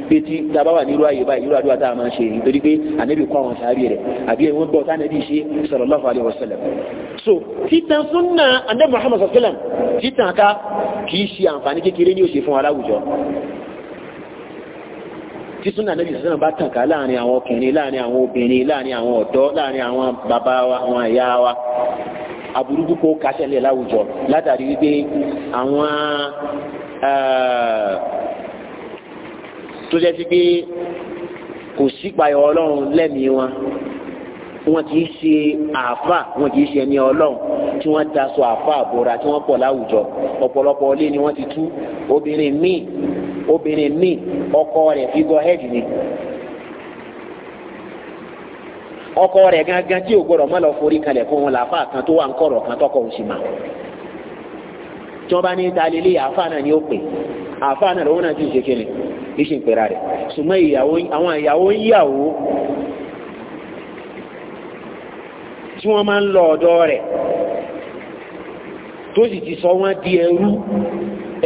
pé tí tàbá wà nílò ààyè báyìí irú àdúrà tá a máa ṣe nítorí pé ànábì kọ́ àwọn sàábé rẹ̀ àbí ẹ̀wọ̀n gbọ́ tá ànábì ṣe sallallahu alaihi wasallam so títan súnà ànábì Muhammad sallallahu alaihi wasallam títan ká kì í ṣe àǹfààní kékeré ní ó aláwùjọ tí súnà níbi ìsúná bá tàn ká láàrin àwọn ọkùnrin láàrin àwọn obìnrin láàrin àwọn ọ̀dọ́ láàrin àwọn bàbá wa àwọn ìyá wa aburú púpọ̀ kásẹ̀lẹ̀ láwùjọ látàrí wípé àwọn tó jẹ́ sí pé kò sípayọ̀ ọlọ́run lẹ́mìí wọn wọn kì í ṣe àáfà wọn kì í ṣe ẹni ọlọ́run tí wọ́n daṣọ àáfà àbòrà tí wọ́n pọ̀ láwùjọ ọ̀pọ̀lọpọ̀ ilé ni wọ́n ti tú obìnrin míì obìnrin míì ọkọ rẹ̀ fígọ hẹ́ẹ̀dì ni ọkọ rẹ̀ gangan tí o gbọ́dọ̀ lọ forí kalẹ̀ fún wọn làáfà kan tó wà ń kọrọ kan tọkọ òsì ma tí bá ní ta àáfà náà ni ó pè àáfà náà lọ́wọ́ náà ti ṣe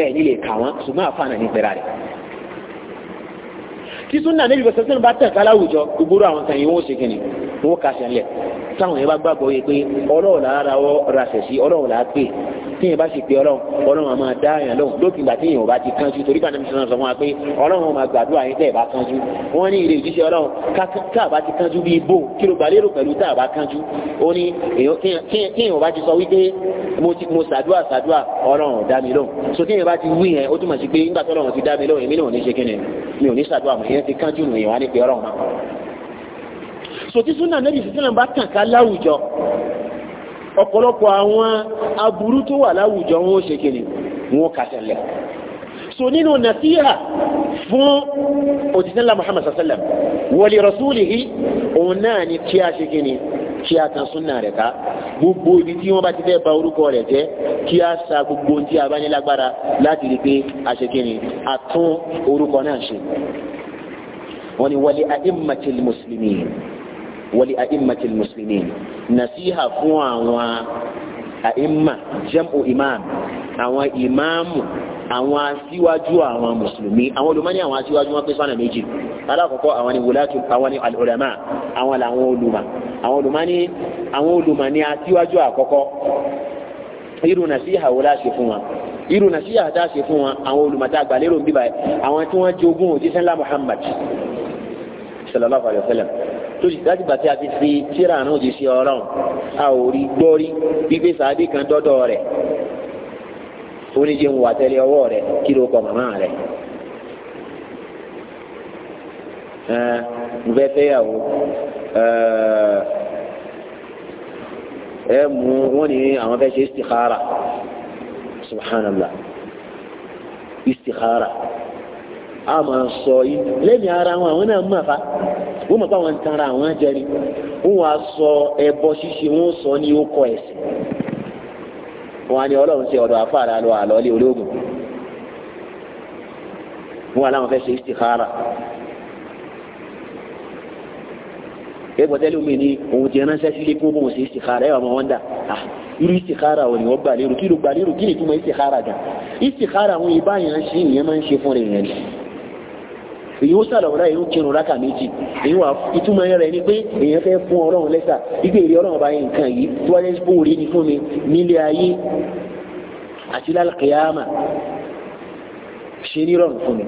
ẹ̀ ní lè kà wọ́n ṣùgbọ́n àfààní ní pẹ̀lá rẹ̀ tí súnà níbi bẹ̀sẹ̀ sínú bá tẹ̀ kálá gbogbo àwọn kan yìí wọ́n ṣe kìnnìkan wọ́n kà sí ẹ̀lẹ̀ táwọn yẹn bá gbàgbọ́ yẹ pé ọlọ́run là ra ọ rasẹ̀ sí ọlọ́run là pè tí yẹn bá sì pé ọlọ́run ọlọ́run á máa dá yẹn lóhùn lókè ìgbà tí yẹn ò bá ti kánjú torí bá nàbí sọ fún wa pé ọlọ́run máa gbàdúrà yín tẹ́ ẹ̀ bá kánjú wọ́n ní ilé ìjíṣẹ́ ọlọ́run tá a bá ti kánjú bíi bò kí ló gbàlérò pẹ̀lú tá a bá kánjú ó ní tí yẹn ò bá ti sọ wípé mo ṣàdúà ṣàdúà ọlọ́run dá mi lóhùn so tí yẹn bá ti wí yẹn ó túmọ̀ sí pé nígbà tó ọlọ́run ti dá mi lóhùn èmi náà ò ni mi ò ní sòtí súnà nẹ́bì sísílẹ̀ bá tàn ká láwùjọ ọ̀pọ̀lọpọ̀ àwọn aburú tó wà láwùjọ wọn ó ṣe kìnnì wọn kà tẹ̀lẹ̀ so nínú nàṣíhà fún òtítẹ́lá Muhammad sallam wọlé rasulihi òun náà ni kí a ṣe kìnnì kí a tan súnà rẹ̀ ká gbogbo ibi tí wọ́n bá ti fẹ́ ba orúkọ rẹ̀ jẹ́ kí a sa gbogbo tí a bá ní lágbára láti rí pé a ṣe kìnnì a tún orúkọ náà ṣe wọ́n ni wọlé a'immatil muslimin wali a'immati muslimin nasiha fún àwọn a'imma jam'u imam àwọn ìmáàmù àwọn aṣíwájú àwọn mùsùlùmí àwọn olùmọ́ni àwọn aṣíwájú wọn pín sọ́nà méjì alákọ̀ọ́kọ́ àwọn ni wùlátù àwọn ni alùlẹ̀mà àwọn làwọn olùmọ̀ àwọn olùmọ́ni àwọn olùmọ̀ ni aṣíwájú àkọ́kọ́ irú nàṣíhà wo láṣe fún wa irú nàṣíhà tá a ṣe fún wa àwọn olùmọ̀tá àgbàlérò ń bíbáyé àwọn tí wọ́n jogún òjíṣẹ́ ńlá Muhammad sallallahu alayhi wa lórí láti gbà tí a fi fi tíra àrùn òjíṣẹ́ ọlọ́run a ò rí gbọ́rí gbígbé sàábì kan dọ́dọ̀ rẹ̀ oníjẹ ń wà tẹ́lẹ̀ ọwọ́ rẹ̀ kí ló kọ màmá rẹ̀ nfẹ́ fẹ́yàwó ẹ mú wọn ní àwọn fẹ́ ṣe istikhara subhanallah istikhara a máa sọ yìí lẹ́yìn ara wọn àwọn náà mọ̀ fa wọ́n mọ̀ pé àwọn tanra àwọn jẹri wọ́n wá sọ ẹbọ ṣíṣe wọ́n sọ ní okọ ẹ̀sìn wọ́n á ní ọlọ́run ṣe ọ̀dọ̀ afáàrà lọ àlọ́lé ológun wọ́n aláwọn fẹ́ ṣe istikhara ẹgbọ́n tẹ́lẹ̀ omi ni òun ti ránṣẹ́ sílé kó bóun ṣe istikhara ẹwà máa wọ́n dà ah, irú istikhara wọn ni wọ́n gbà kí ló gbà kí ni túmọ̀ istikhara gan istikhara wọn ibà ń ṣe ìyẹn máa ń ṣe fún rẹ̀ yẹn èyí ó sàlọ̀ ọ̀la èyí ó kírun rákà méjì èyí wà ìtumọ̀ rẹ̀ ni pé èyàn fẹ́ fún ọlọ́run lẹ́sà ìgbé èrè ọlọ́run bá yẹn nǹkan yìí tó wáyé fún òrè ni fún mi nílé ayé àti lálùkìyàmà ṣe ní rọrùn fún mi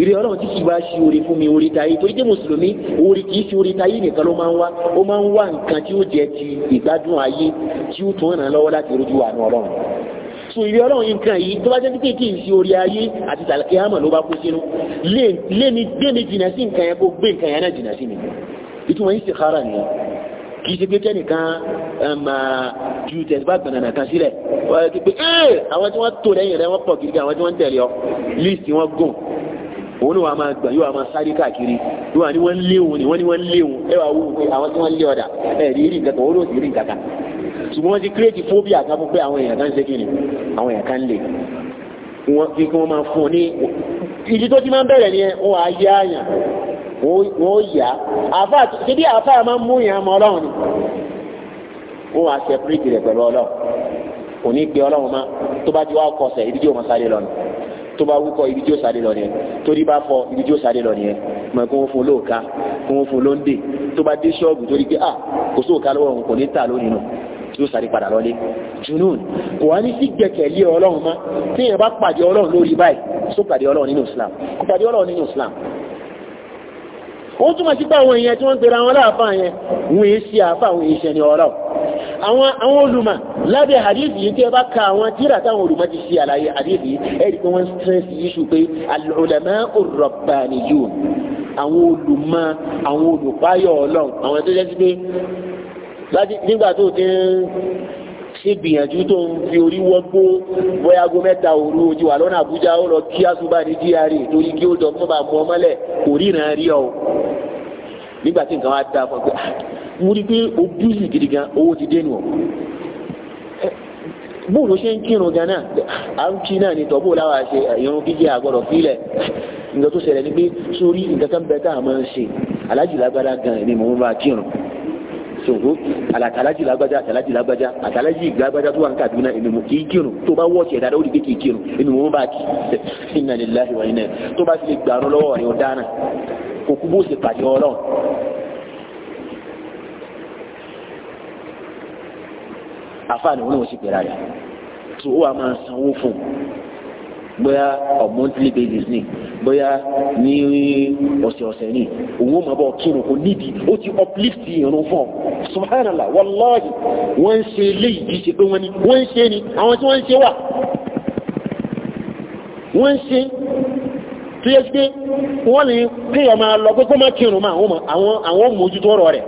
ìrè ọlọ́run tí kì í bá ṣe oore fún mi oore tayé torí pé mùsùlùmí oore kì í ṣe oore tayé nìkan ló máa ń wá ó máa ń wá nǹkan tí ó jẹ ti ìgbádùn ayé tí ó tún ràn lọ́wọ́ láti rojú àánú ọlọ́run so ìrí ọlọ́run nǹkan yìí tó bá jẹ́ pé kí n sí orí ayé àti tàlẹ́kẹ́ àmọ̀ ló bá kó sínú lémi jìnà sí nǹkan yẹn kó gbé nǹkan yẹn náà jìnà sí mi ìtumọ̀ yìí sì kára nìyẹn kì í ṣe pé kẹ́nìkan um, uh, ju tẹ̀síbá gbọ̀nàna kan sílẹ̀ wọ́n ti pé ẹ́ àwọn tí wọ́n tó lẹ́yìn rẹ̀ wọ́n pọ̀ gidi òun ni wàá máa gbà yóò wàá máa sáré káàkiri yóò wà ní wọ́n lé òun ni wọ́n ní wọ́n lé òun ẹ wàá wò ó pé àwọn tí wọ́n lé ọ̀dà ẹ̀ rí rí nǹkan kan òun ò sì rí nǹkan kan ṣùgbọ́n wọ́n ti kírètì fóbíà kan fún pé àwọn èèyàn kan ń ṣe kí ni àwọn èèyàn kan lè wọ́n fi kí wọ́n máa fún ọ ní ìdí tó ti máa ń bẹ̀rẹ̀ ni wọ́n á yá àyàn wọ́n ó yá àfáà ṣe bí àfáà máa mú ìyàn ọmọ ọlọ́run ni wọ́n wá ṣe pírìtì rẹ̀ pẹ̀lú ọlọ́run kò ní ọlọ́run má tó bá ti wá kọsẹ̀ ìdíje òun sáré lọ́nà tó bá wúkọ ibi tí ó sáré lọ nìyẹn torí bá fọ ibi tí ó sáré lọ nìyẹn mọ̀ kó wọ́n fún lóòka kó wọ́n fún lóńdè tó bá dé ṣọ́ọ̀bù torí pé à ah, kò sóòka lọ́wọ́ òun kò ní tà lónìí nù tí ó sáré padà lọ́lé junun kò wá ní sí gbẹ̀kẹ̀lé ọlọ́run mọ́ tí èèyàn bá pàdé ọlọ́run lórí báyìí só pàdé ọlọ́run nínú Islam pàdé ọlọ́run nínú Islam ó túnmọ̀ sí pé àwọn èèyàn tí wọ́n ń pera wọn láàfáà yẹn wọ́n èé ṣe àfáà wọ́n èé ṣe ọlọ́run àwọn olùmọ̀ lábẹ́ hadith yìí tí ẹ bá ka àwọn tíra táwọn olùmọ̀ ti ṣe àlàyé hadith yìí ẹ rí pé wọ́n stress yìí ṣù pé al-ulama ar-rabbaniyun àwọn olùmọ̀ àwọn olùpáyọ̀ ọlọ́run àwọn tó jẹ́ sí pé nígbà tó ti ń ṣe gbìyànjú tó ń fi orí wọ́gbó bóyá mẹ́ta òru ojú wa lọ́nà Àbújá ó lọ kí àsùbá ní gra torí kí ó dọ̀ fún bàbá ọmọlẹ̀ kò ríran rí ọ nígbà tí nǹkan wá dáa fún ọ ah, mo rí pé o bízì gidi gan owó ti dé ọ bó ló ṣe ń kírun gan náà à ń kí náà ni tọ́ bó láwa ṣe eh, irun gígé àgbọ̀dọ̀ fílẹ̀ nǹkan tó ṣẹlẹ̀ ni pé sórí nǹkan kan bẹ́ẹ̀ ń ṣe alájì gan ni mò ń bá kírun ṣòro alájì lágbádá àtàlájì lágbádá àtàlájì lágbádá tó wà ní Kaduna èmi mò kì í kírun tó bá wọ́ọ̀tì ẹ̀dá ó di pé kì í kírun èmi mò ń bá kí inna lillahi wa tó bá ṣe pàdé àfa ni wọn náà wọ́n sì pèrà So tó wà máa sanwó fún bóyá on monthly basis ni bóyá ní ọ̀sẹ̀ọ̀sẹ̀ ni òun ó máa bọ̀ kírun kò nídìí ó ti uplift ìrún fún ọ subhanallah wallahi wọ́n ń ṣe eléyìí kì í ṣe pé wọ́n ní wọ́n ń ṣe ni àwọn tí wọ́n ń ṣe wà wọ́n ń ṣe tó yẹ pé wọ́n lè kéèyàn máa lọ pé kó má kírun máa àwọn mójútó ọ̀rọ̀ rẹ̀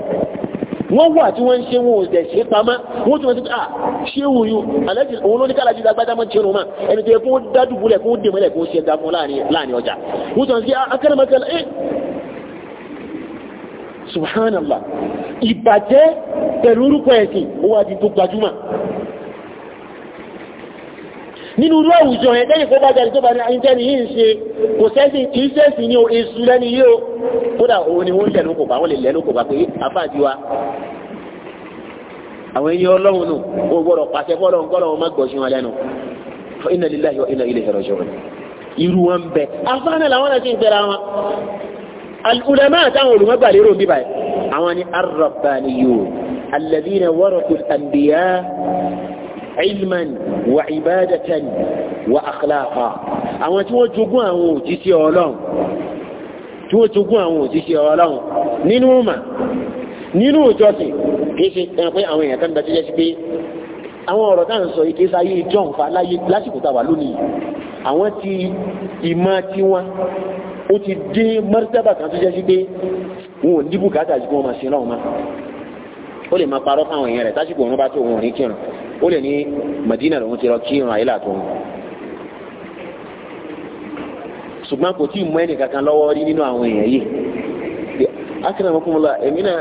wọ́n wà tí wọ́n ń ṣe wọn ò dẹ̀ ṣe pamọ́ wọ́n tún wọ́n ti ah ṣé wù yú alẹ́jì òun ló ní kára ju agbájá mọ́ tiẹ̀ rùmọ́ ẹni tó yẹ kó dájú bulẹ̀ kó dè mọ́lẹ̀ kó ṣe ga fún láàrin ọjà wọ́n tún wọ́n ti ah, akẹ́rẹ́mọ́kẹ́lẹ́ ẹ́ eh. subhanallah ìbàjẹ́ pẹ̀lú orúkọ ẹ̀sìn ó wá di tó gbajúmọ̀ nínú irú àwùjọ yẹn tẹ́yìn kó bá jáde tó bá ní ayíjẹ́ni yìí ń ṣe kò sẹ́sìn kì sẹ́sìn ní èṣù lẹ́ni yìí o kódà òun ni wọ́n lẹ̀ ló kò bá wọ́n lè lẹ́ kò bá pé àfáàjì àwọn ẹni ọlọ́run nù ó gbọ́dọ̀ pàṣẹ fọ́lọ́run kọ́lọ́run má gbọ́ sí lẹ́nu inna lillahi wa inna ilayhi raji'un irú wọn bẹ afáàná làwọn náà sì ń gbẹra wọn alùlẹ̀mọ́ àtàwọn olùmọ́gbà lérò bíbà àwọn ni arọ̀bàníyò alladhina warathu al-anbiya ilman wa ibadatan wa akhlaqa àwọn tí wọ́n jogún àwọn òjíṣẹ́ ọlọ́run tí wọ́n jogún àwọn òjíṣẹ́ ọlọ́run nínú mà nínú ìjọsìn kìí ṣe ẹran pé àwọn èèyàn kan bẹ tó jẹ́ sí pé àwọn ọ̀rọ̀ táà ń sọ ìké sáyé jọǹfà láyé lásìkò tàwà lónìí àwọn ti ìmọ̀ tí wọ́n ó ti dín mọ́rítàbà kan tó jẹ́ sí pé wọn ò ní bùkátà sí wọn máa ṣe náà máa ó lè máa parọ́ fáwọn èèyàn rẹ̀ tásìkò òun bá tó òun ò ní kírun ó lè ní Madina lòun ti lọ kírun àyílà tó òun. ṣùgbọ́n kò tí ì mú ẹnì kankan lọ́wọ́ rí nínú àwọn èèyàn yìí akínà mọ́kún mọ́lá èmi náà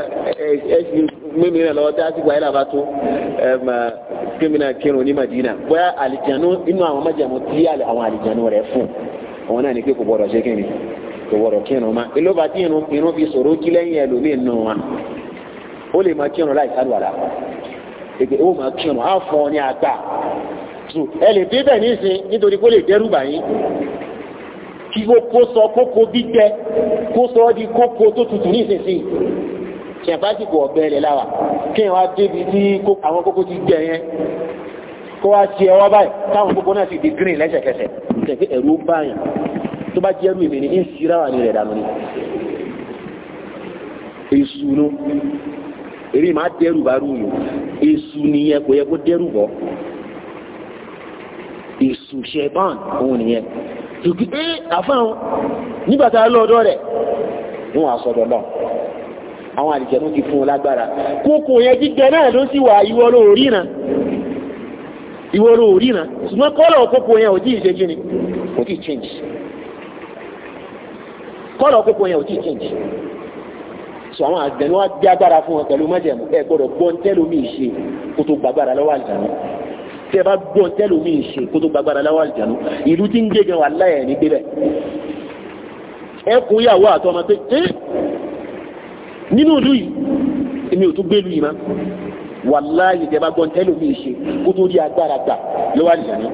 ẹ̀sì mímí rẹ̀ lọ́wọ́ tí àsìkò àyílà bá tó kíni náà kírun ní Madina bóyá àlìjánu inú àwọn májàmú tí àwọn àlìjánu rẹ̀ fún àwọn náà ní pé kò gbọdọ̀ ṣe kíni kò gbọdọ̀ kírun ma ìlú bá tí irun fi sọ̀rọ̀ kí lẹ́yìn ẹlòmíì nù ó lè máa kírun láì sálù àlà èdè ó máa kírun á fún ọ ní àgbà tù ẹ lè dé bẹ̀ nísìn nítorí kó lè dẹ́rù bà yín kí kó sọ kókó gbígbẹ kó sọ ọ́ di kókó tó tutù nísinsìnyí ṣẹ̀fásìkò ọ̀bẹ ilẹ̀ láwà kí wọ́n débi tí àwọn kókó ti gbẹ yẹn kó wá sí ẹwọ́ báyìí táwọn kókó náà sì di green lẹ́sẹ̀kẹsẹ̀ tẹ̀fẹ́ ẹ̀rú báyìí tó bá jẹ́rú ìmìnì ń síra wà ní rẹ̀ dànù ni èṣù èyí ma dẹ́rù bá rú yìí nìyẹn kò yẹ kó dẹ́rù bọ́ èṣù ṣẹ̀bán òun nìyẹn ẹ a wọn wà lọ àwọn àdìjẹnú ti fún lágbára kókò yẹn jíjẹ náà na kókò yẹn ò tí kò tí change kókò yẹn ò tí sọ àwọn àgbẹ̀ni wá gbé agbára fún wọn pẹ̀lú májẹ̀mú ẹ gbọ́dọ̀ gbọ́n ṣe kó tó gbàgbára lọ́wọ́ àlùjánu tẹ́ bá gbọ́n ṣe kó tó gbàgbára lọ́wọ́ àlùjánu ìlú tí ń gbé gan wà láyẹ̀ ní gbébẹ̀ ẹ kún ìyàwó àtọmọ pé ẹ nínú ìlú yìí èmi ò tún gbé ìlú yìí má wàláyé tẹ́ bá gbọ́n ṣe kó tó rí agbára gbà lọ́wọ́ àlùjánu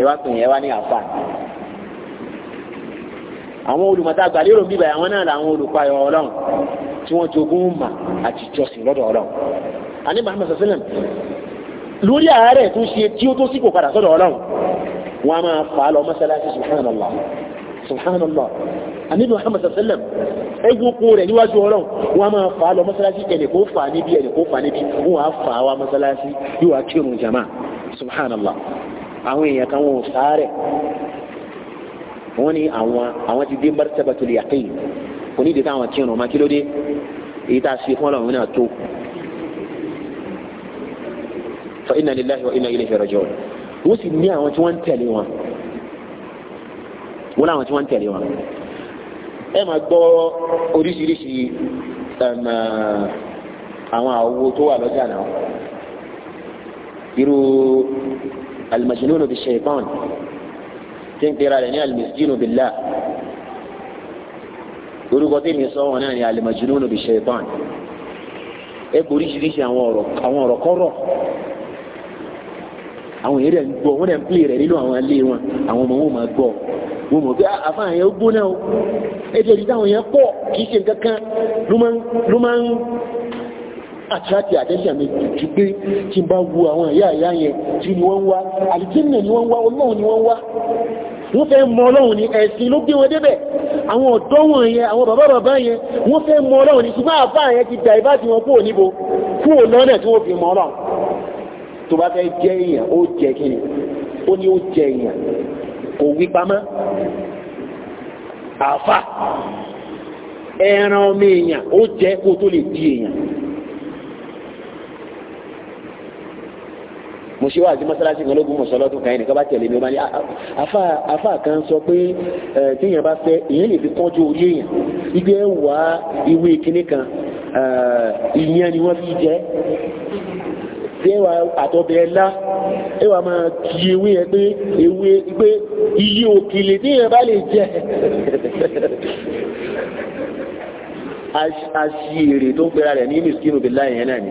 ẹ wá pè yẹn wá ní àfáà àwọn olùmọ̀tá àgbàlérò bíbà àwọn náà làwọn olùpayọ̀ ọlọ́run tí wọ́n jogún mà àti jọ́sìn lọ́dọ̀ ọlọ́run àní Muhammad sallam lórí ààrẹ tó ṣe tí ó tó sì kò padà sọ́dọ̀ ọlọ́run wọn a máa fà á lọ mọ́sálásí subhanallah àwọn èèyàn kan wọn ò sáré wọ́n ní àwọn àwọn ti dé martabatul yaqin kò ní ìdíkà àwọn kírun ọmọ kílódé èyí tá a ṣe fún Ọlọ́run náà tó fa inna lillahi wa inna ilayhi raji'un wọ́n sì ní àwọn tí wọ́n ń tẹ̀lé wọn wọ́n láwọn tí wọ́n ń tẹ̀lé wọn ẹ máa gbọ́ oríṣiríṣi àwọn àwo tó wà lọ́jà náà irú al-majnun bi shaytan tí ń pera rẹ̀ ní alimisjinu billah orúkọ tí mi sọ wọn náà ní alimajununu bi shaitan ẹ kò oríṣiríṣi àwọn ọ̀rọ̀ àwọn ọ̀rọ̀ kọ́rọ̀ àwọn èèyàn rẹ̀ ń gbọ́ wọ́n rẹ̀ ń pè rẹ̀ nínú àwọn alẹ́ wọn àwọn ọmọ wọn máa gbọ́ wọn mọ̀ pé ah, àfáà yẹn ó gbóná o ètò ìdíjà àwọn yẹn pọ̀ kì í ṣe nǹkan kan ló máa ń attract attention mi ju pé kí n bá wu àwọn ìyá ìyá yẹn tí ni wọ́n wá àlìjẹ́nà ni wọ́n wá ọlọ́run ni wọ́n wá wọ́n fẹ́ mọ ọlọ́run ni ẹ̀sìn ló gbé wọn débẹ̀ àwọn ọ̀dọ́ wọn yẹn àwọn bàbá bàbá yẹn wọ́n fẹ́ mọ ọlọ́run ni ṣùgbọ́n àbá yẹn ti dà ìbá tí wọn kúrò níbo kúrò lọ́nà tí wọ́n fi mọ ọlọ́run tó bá fẹ́ jẹ́ èèyàn ó jẹ kí ni ó ní ó jẹ èèyàn kò wí pamọ́ àfa ẹran ọmọ èèyàn ó jẹ kó tó lè di èèyàn mo ṣe wá sí mọ́sálásí kan lógún mọ̀sán lọ́dún kan ẹnìkan bá tẹ̀lé mi ó máa ní ah, ah, àfà kan sọ pé téèyàn bá fẹ́ èèyàn lè fi kánjú orí èèyàn ibi ẹ wà ìwé kinní kan ìyẹn ni wọ́n fi jẹ́ ẹwà àtọ́bẹ̀ ẹlá ẹwà máa kí ewé ẹ pé ewé pé iye òkèlè tí ẹ bá lè jẹ àṣì èrè tó ń pera rẹ̀ ní mìskínú bí láyẹ̀ náà ni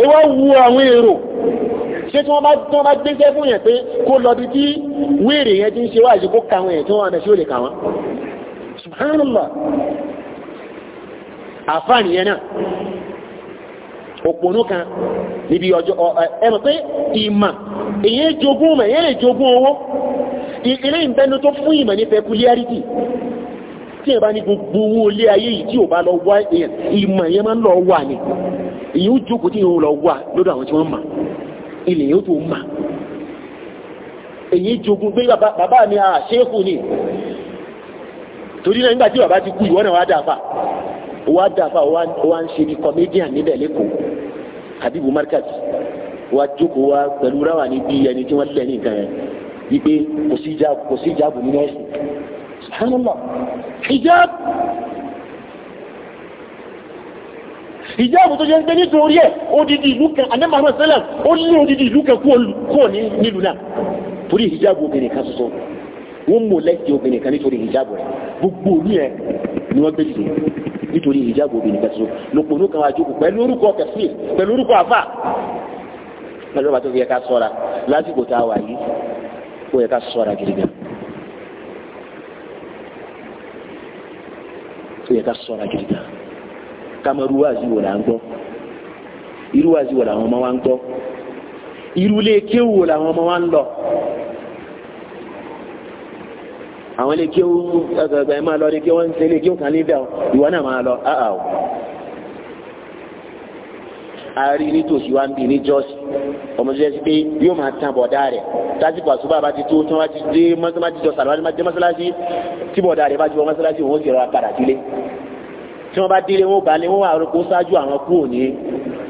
ó wá wu àwọn èrò ṣé tí wọ́n bá tí wọ́n bá gbéṣẹ́ fún yẹn pé kó lọ bí tí wéèrè yẹn ti ń ṣe wá àṣekó ka wọn yẹn tí wọ́n àmẹ́ sí ò lè kà wọ́n subhanallah àfáàní yẹn náà òpònú kan níbi ọjọ́ ẹmọ̀ pé ìmà èyí jogún mẹ̀ èyí jogún owó ilé ìbẹnu tó fún ìmọ̀ ní peculiarity tí ẹ bá ní gbogbo owó ilé ayé yìí tí ò bá lọ wá èèyàn ìmọ̀ yẹn máa ń lọ wà ní èyí ó jókòó tí ìhun lọ wà lọ́dọ̀ àwọn tí wọ́n mà ilẹ̀ yóò tó mà èyí jogún gbé bàbá mi à ah, ṣéèkù ni torí náà nígbà tí bàbá ti kú ìwọ náà wá dàfà wá dàfà wá ń ṣe bí comedian níbẹ̀ lẹ́kọ̀ọ́ Habibu Markaz wá jókòó wá pẹ̀lú ráwà ní bí ẹni tí wọ́n lẹ̀ ní nǹkan yẹn wípé kò sí ìjáàbù nínú ẹ̀sìn الله حجاب ìjáàbù tó jẹ́ ń gbé nítorí ẹ̀ odidi ìlú kan anẹ́màmà sẹ́lẹ̀ ó ní odidi ìlú kan kúrò nílùú náà torí ìjáàbù obìnrin kan ṣoṣo wọ́n mú lẹ́tì obìnrin kan nítorí ìjáàbù rẹ̀ gbogbo orí ẹ̀ ni wọ́n gbé dìde nítorí ìjáàbù obìnrin kan ṣoṣo lòpònú kan wájú kù pẹ̀lú orúkọ kẹfì pẹ̀lú orúkọ àfà pẹ̀lú ọba tó fi yẹ ká sọ́ra lásìkò tá a wà yìí ó yẹ ká sọ́ra gidi ó yẹ ká sọ̀rọ̀ gidi gan kámẹ́rú wáàzí wò là ń gbọ́ irú wáàzí wò làwọn ọmọ wa ń gbọ́ irú ilé kéwù wò làwọn ọmọ wa ń lọ àwọn ilé kéwù ẹ máa lọ ilé kéwù wọn ń ṣe ilé kéwù kan níbẹ̀ ìwọ náà máa lọ áà o a rí nítòsí wa ń bì ní jọ́sì ọmọdé ẹsẹ pé yóò máa tan bọ̀dá rẹ̀ tásìkò àsùbá bá ti tó tí wọ́n ti dé mọ́sálásí jọ sàlùmá dé mọ́sálásí tí bọ̀dá rẹ̀ bá ti wọ mọ́sálásí wọn ó sì rọra padà sílé tí wọ́n bá délé wọn ó balẹ̀ wọn wà rọ́pò ṣáájú àwọn kú òní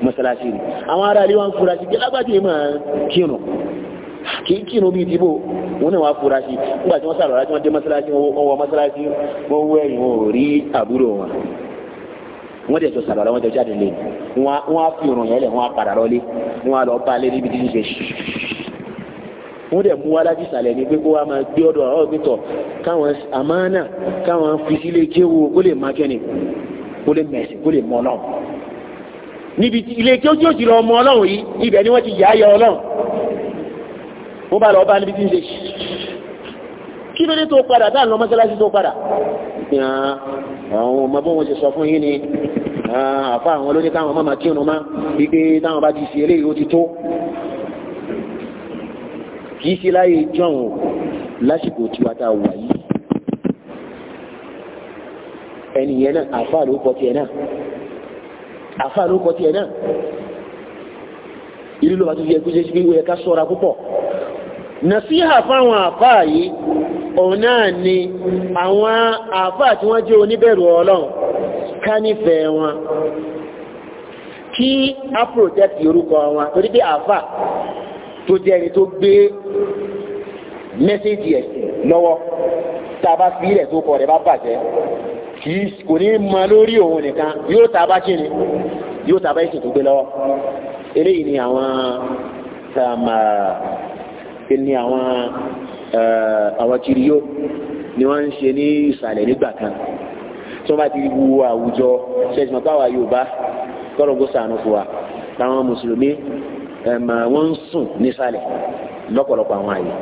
mọ́sálásí rẹ̀ àwọn ará ilé wọn fura sí pé lágbàdo yìí máa kírun kì í kírun bíi tìbò wọn náà wá fura sí nígbà tí wọ́n sàlùmá tí wọ́n dé mọ́sálásí wọn wọ mọ́sálásí wọn wọ ẹ̀yìn wọn ò rí àbúrò wọn wọ́n dẹ̀ jọ sàlọ́lá wọ́n jọ jáde lé wọ́n á fi òrùn yẹn lẹ̀ wọ́n á padà lọ́lé wọ́n á lọ bá lé níbi tí ń ṣe wọ́n dẹ̀ mú alájú ìsàlẹ̀ ní pé kó wa máa gbé ọ̀dọ̀ ọ̀rọ̀ gbẹ̀tọ̀ káwọn àmánà káwọn fi sílé kéwu kó lè má kẹ́ni kó lè mẹ̀sìn kó lè mọ ọlọ́run níbi ilé tí ó tí ó ti lọ mọ ọlọ́run yìí ibẹ̀ ni wọ́n ti yà á yọ ọlọ́run wọ́n bá lọ bá níbi tí ń ṣe kí ló dé tó padà tá à ń lọ mọ́sálásí tó padà. Ah, àwọn ọmọ bó wọn ṣe sọ fún yín ni ah, àfa àwọn olóyè káwọn máa kí ọ̀nà má wípé táwọn bá ti ṣe eléyìí ó ti tó kì í ṣe láyé jọ̀hún lásìkò tiwa tá a wà yìí ẹnìyẹn náà àfa ló kọ náà ìlú ló bá tún fi ẹkú ṣe sí wíwẹ̀ ká sọ́ra púpọ̀ nàṣíhà fáwọn àfa yìí òun náà ni àwọn àfáà tí wọ́n jẹ́ oníbẹ̀rù ọlọ́run ká nífẹ̀ẹ́ wọn kí a protect orúkọ wọn torí pé àfáà tó jẹ́ ẹni tó gbé mẹ́sẹ̀jì ẹ̀sìn lọ́wọ́ tá a bá fi ilẹ̀ tó kọ̀ rẹ̀ bá bàjẹ́ kì í kò ní mọ lórí òun nìkan yóò tá kí ni yóò tá a tó gbé lọ́wọ́ eléyìí ni àwọn tàmà um, uh, ni àwọn Eh, àwọn kiriyó ni wọ́n ń ṣe ní ìsàlẹ̀ nígbà kan tí wọ́n bá ti wu àwùjọ ṣẹ́sìmọ̀ báwa Yorùbá kọ́lọ̀ kó sànù fún wa táwọn mùsùlùmí wọ́n ń sùn nísàlẹ̀ lọ́pọ̀lọpọ̀ àwọn àyè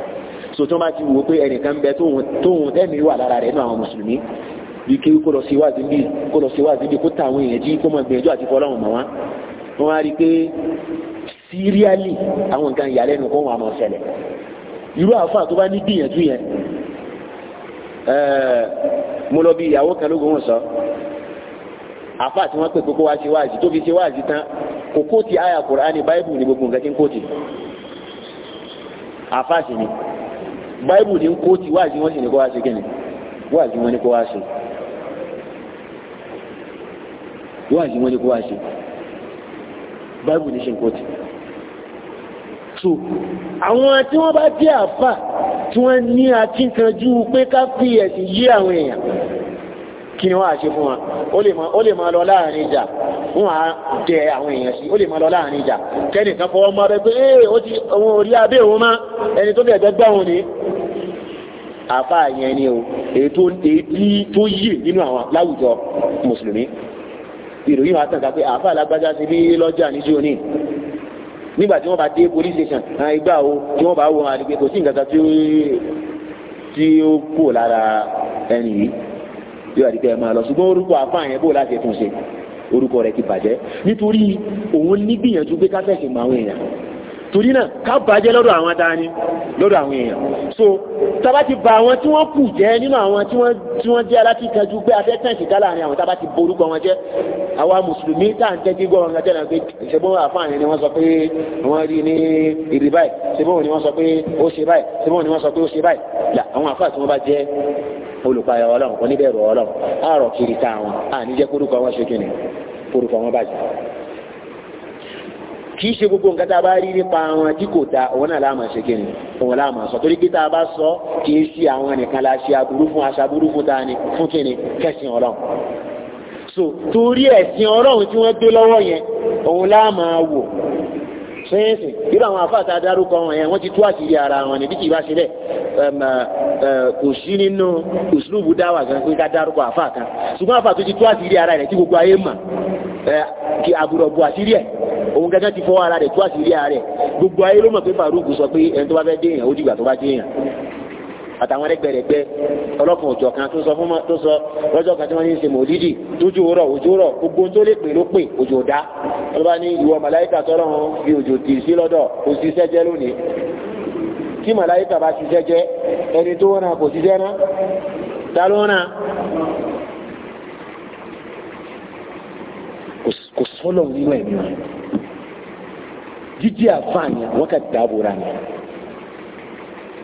so tí wọ́n bá ti wù ó pé ẹnìkan bẹ tóun tẹ́mi wà lára rẹ̀ nínú àwọn mùsùlùmí bí kí kó lọ sí wáàzí bí kó lọ sí wáàzí bí kó ta àwọn èèyàn jí kó máa gbìyànjú àti fọlọ́run mọ́ wọn á rí i pé síríálì àwọn nǹkan ìyàlẹ́nu kó wọn àmọ́ ṣẹlẹ̀ irú àáfàá tó bá ní gbìyànjú yẹn eh, mo lọ bí ìyàwó kan lóògùn wọn sọ àáfàá tí wọ́n pè kókó wá ṣe wáàzì tó fi ṣe wáàzì tán kò kóòtì àyà Kùránì báíbù ní gbogbo nǹkan tí ń kóòtì àáfàá sì ni báíbù ní ń kóòtì wáàzì wọn sì ní kó wá ṣe kí ni wáàzì wọn ní kó wá ṣe wáàzì wọn ní kó wá ṣe báíbù ní ṣe kóòtì so àwọn tí wọ́n bá jẹ́ àfà tí wọ́n ní akínkanjú pé ká fi ẹ̀sìn yí àwọn èèyàn kí ni wọ́n á ṣe fún wa ó lè máa lọ láàrin ìjà wọ́n á dẹ àwọn èèyàn sí ó lè máa lọ láàrin ìjà kẹ́nìkan fọwọ́ máa rẹ pé ee abẹ́ òun mọ́ ẹni tó bẹ̀ẹ̀ gbá òun ni àfà yẹn ni o èyí tó yè nínú wa tàn ká pé àfà lágbájá ti bí lọ́jà níjú òní nígbà tí wọ́n bá dé police station ìgbà wo tí wọ́n bá wọ àdìgbé kò sí nǹkan kan tí ó kú lára ẹni yìí yóò àdìgbẹ́ ẹ máa lọ ṣùgbọ́n orúkọ àfáà yẹn bó láti ẹ̀tún ṣe orúkọ rẹ̀ ti bàjẹ́ nítorí òun nígbìyànjú pé káfẹ́sì mọ àwọn èèyàn torí náà ká bàjẹ́ lọ́dọ̀ àwọn dání lọ́dọ̀ àwọn èèyàn so tábà ti bà àwọn tí wọ́n kù jẹ́ nínú àwọn tí wọ́n jẹ́ alátìkanjú pé afẹ́tẹ̀ǹtì dá láàrin àwọn tábà ti borúkọ wọn jẹ́ àwa mùsùlùmí tá à ń tẹ́tí gbọ́ wọn jẹ́ náà pé ṣẹ́gbọ́n àfáàní ni wọ́n sọ pé wọ́n rí ní ìrì báyìí ṣẹ́gbọ́n ni wọ́n sọ pé ó ṣe báyìí ṣẹ́gbọ́n ni wọ́n sọ pé ó ṣe báyìí là àwọn àfáà tí wọ́n bá jẹ́ olùpayọ̀ ọlọ́run oníbẹ̀rù ọlọ́run àárọ̀ kiri ta àwọn àníjẹ́ kórúkọ wọn ṣe kìnnì kórúkọ wọn bàjẹ́ kì í ṣe gbogbo nǹkan tá a bá rí nípa àwọn tí kò da òun náà láàmà ṣe kí ni òun láàmà sọ torí pé tá a bá sọ kì í ṣe àwọn nìkan la ṣe aburú fún aṣaburú fún ta ni fún kí ni kẹsìn ọlọ́run so torí ẹ̀sìn ọlọ́run tí wọ́n gbé lọ́wọ́ yẹn òun láàmà wò sínsìn irú àwọn afáàtà darúkọ wọn yẹn wọ́n ti tú àṣírí ara wọn níbi tí ì bá ṣe bẹ́ẹ̀ kò sí nínú òṣùlùbù dáwà gan pé ká darúkọ àfáà kan ṣùgbọ́n àfáà tó ti tú àṣírí ara rẹ̀ tí gbogbo ayé mà kí àbúrò àṣírí ẹ̀ òun gẹ́gẹ́ ti fọ́ ara rẹ̀ tú àṣírí ara rẹ̀ gbogbo ayé ló mọ̀ pé Farouk sọ pé ẹni tó bá fẹ́ dé èèyàn ó dìgbà tó bá dé èèyàn àtàwọn ẹlẹgbẹrẹgbẹ ọlọpàá òjọ kan tó sọ fún tó sọ lọ́jọ́ kan tí wọn ní í ṣe mòlídì tójú rọ òjò rọ gbogbo tó lè pè ló pè òjò dá ọlọpàá ní ìwọ màláìka sọ̀rọ̀ wọn fi òjò tì sí lọ́dọ̀ kò ṣiṣẹ́ jẹ lónìí tí màláìka bá ṣiṣẹ́ jẹ ẹni tó rán kò ṣiṣẹ́ rán ta ló rán kò sọlọ nínú ẹ̀mí wọn jíjí àfààní wọn kà dáàbò ra ni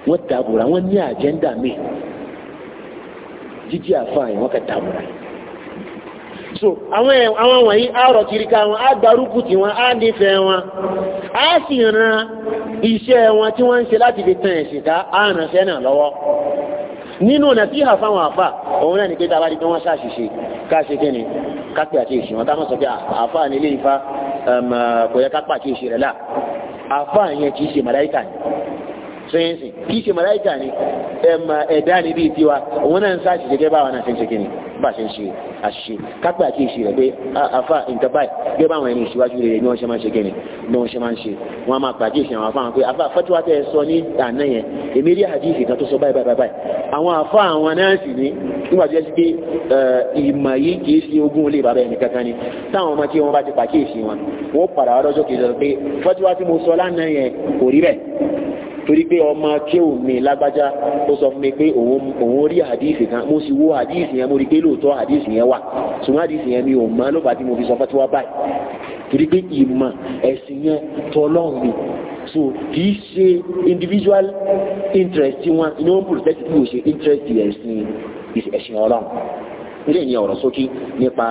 wọ́n dàbòrà wọ́n ní àjẹ́ndà mi jíjí àfáà yìí wọ́n kà dàbòrà yìí so àwọn àwọn wọ̀nyí á rọ̀ kìríkà wọn á darúkú tí wọn á nífẹ̀ẹ́ wọn á sì ran iṣẹ́ wọn tí wọ́n ń ṣe láti fi tan ẹ̀sìn ká á ràn ṣẹ́ náà lọ́wọ́ nínú ọ̀nà tí àfáwọn àfà òun náà ní pé tá a bá di pé wọ́n ṣàṣìṣe ká ṣe kí ni ká pè àti ìṣìn wọn ká má sọ pé ah, àfà ní ilé ifá kò yẹ ká pàkíyèsí rẹ̀ là àfà yẹn kì í ṣe màláìkà ni sẹ́yìnsì kìí ṣe màláìkà ni ẹ̀dá ni bíi tiwa òun náà ń sá àṣìṣe gẹ́gẹ́ báwa náà ṣe ń ṣe kí ni bá a ṣe ń ṣe àṣìṣe kápẹ́ àkíyèsí rẹ̀ pé àfa nǹkan báyìí gẹ́gẹ́ báwọn ẹni ìṣíwájú rere ni wọ́n ṣe máa ń ṣe kí ni ni wọ́n ṣe máa ń ṣe wọ́n á máa pàkíyèsí àwọn afáwọn pé àfa fatuwa tẹ́ ẹ sọ ní àná yẹn èmi rí àdíyèsí kan tó sọ báyìí báyìí báyìí torí pé ọmọ akéwù mi lágbájá ó sọ fún mi pé òun rí àdìsí kan mo sì wo àdìsí yẹn mo rí pé lóòótọ́ àdìsí yẹn wà ṣùgbọ́n àdìsí yẹn mi ò mọ̀ ló fà á tí mo fi sọ fẹ́ tí báyìí torí pé ìmọ̀ ẹ̀sìn yẹn tọ́lọ́run ni so kìí ṣe individual interest wọn ni wọ́n protect bí o ṣe interest ẹ̀sìn ẹ̀sìn ọlọ́run ilé ìyẹn ọ̀rọ̀ sókí nípa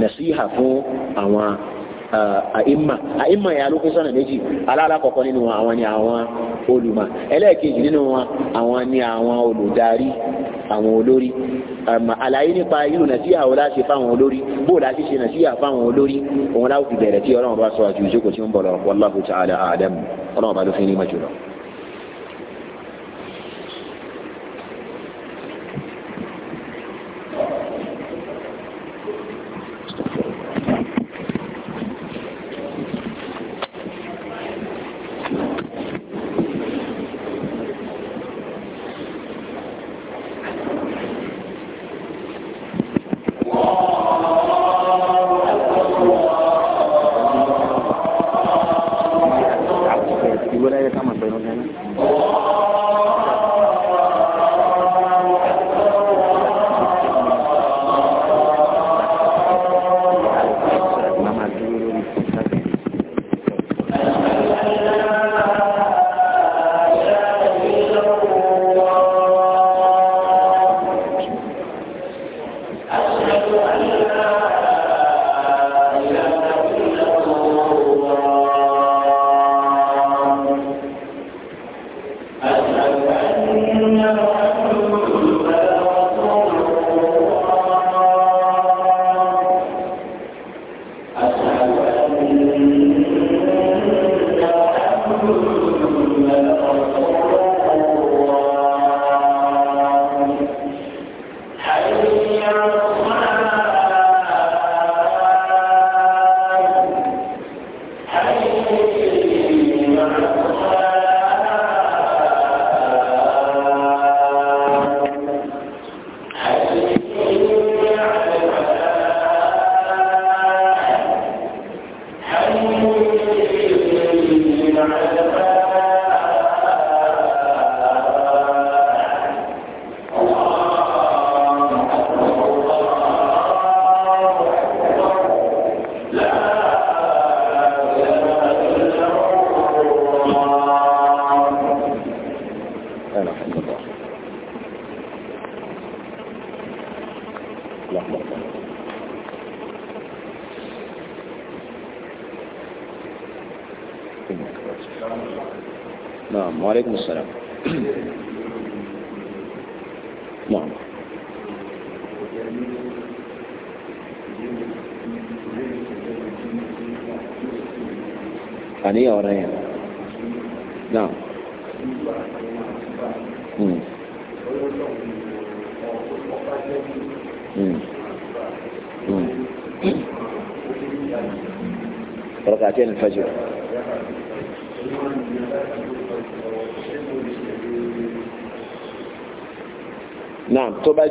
nàṣíhà fún àwọn àìmà àìmà yà ló pín sọ́nà méjì alálàkọ̀ọ́kọ́ nínú wọn àwọn ni àwọn olùmọ̀ ẹlẹ́ẹ̀kejì nínú wọn àwọn ni àwọn olùdarí àwọn olórí àlàyé nípa irú nàṣíyà wo láti fáwọn olórí bó láti ṣe nàṣíyà fáwọn olórí òun láwùjọ bẹ̀rẹ̀ tí ọlọ́run bá sọ àti ìjókòó tí ó ń bọ̀ lọ wallahu ta'ala a'lam ọlọ́run bá ló fi ní mọ̀ jùlọ.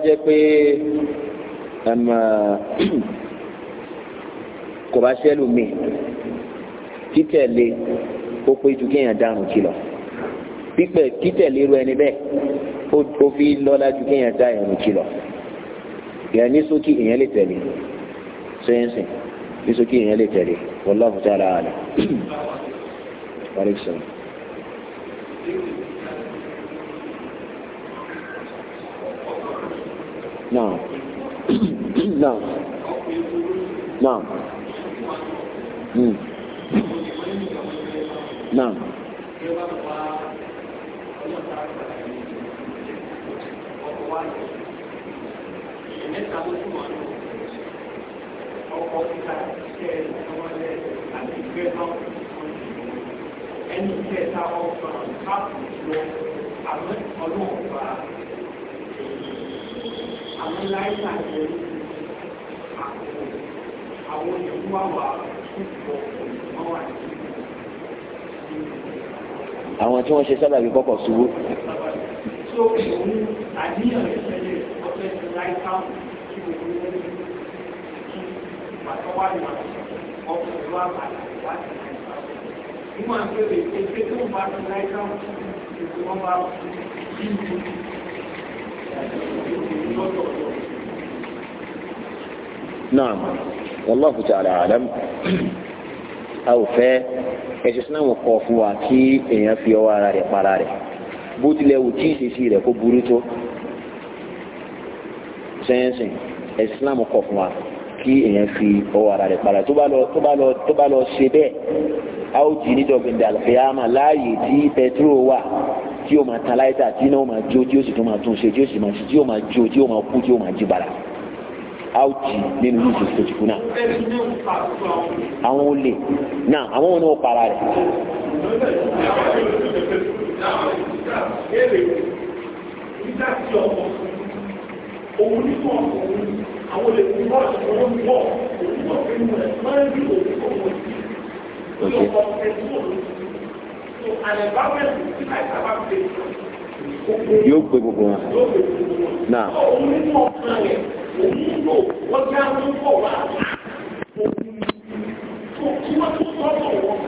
jẹ́ pé kò bá ṣẹlù mi títẹ̀lé ó pé ju kéèyàn dárùn kí lọ pípẹ́ títẹ̀lé irú ẹni bẹ́ẹ̀ ó fi lọ́lá ju kéèyàn dá ẹ̀rùn kí lọ ìyẹn ní sókè èèyàn lè tẹ̀lé sẹ́yìnsìn ní sókè èèyàn lè tẹ̀lé wallahu ta'ala a'lam. Naam. Naam. Naam. Mm. Naam. Ẹni tẹ́ta ọgbà káàkiri lọ àwọn ọlọ́ọ̀gbà àwọn láìsà jẹ́ àwọn ìwàwà púpọ̀ ọ̀wà àwọn tí wọ́n ṣe sábàbí kọ́kọ́ ṣubú. tó òun àníyàn ìṣẹ̀lẹ̀ ọ̀fẹ́ ti láìsà kí òun lè kí pàtọ́wà ní ọkùnrin wa padà wá sí láìsà. níwọ̀n pé èké tó ń bá ti láìsà kí òun wọ́n bá kí òun náà wallahu ta'ala alam a ò fẹ́ ẹ̀sìn Islam kọ̀ fún wa kí èèyàn fi ọwọ́ ara rẹ̀ para rẹ̀ bó tilẹ̀ wù tí ìṣesí rẹ̀ kó burú tó sẹ́yìnsìn ẹ̀sìn Islam kọ̀ fún wa kí èèyàn fi ọwọ́ ara rẹ̀ para tó bá lọ ṣe bẹ́ẹ̀ a ó jí níjọ́ gbẹ̀ndẹ̀ àlùfẹ́yàmà láàyè tí pẹtrol wà tí yóò máa tan láyétà tí náà máa jó tí yóò sì tún máa tún ṣe tí yóò sì máa ṣe tí yóò máa jó tí yóò máa kú tí yóò máa jí bàrà a ó jí nínú yíṣu sojúkú náà. àwọn olè náà àwọn òun náà para rẹ̀ òun ní mọ̀ òun àwọn olè ní bọ́ọ̀sì wọn ń bọ̀ òun ní mọ̀ pé mo ẹ̀ máa ń rí òun ní mọ̀ Okay. Yóò gbé gbogbo wọn. Náà.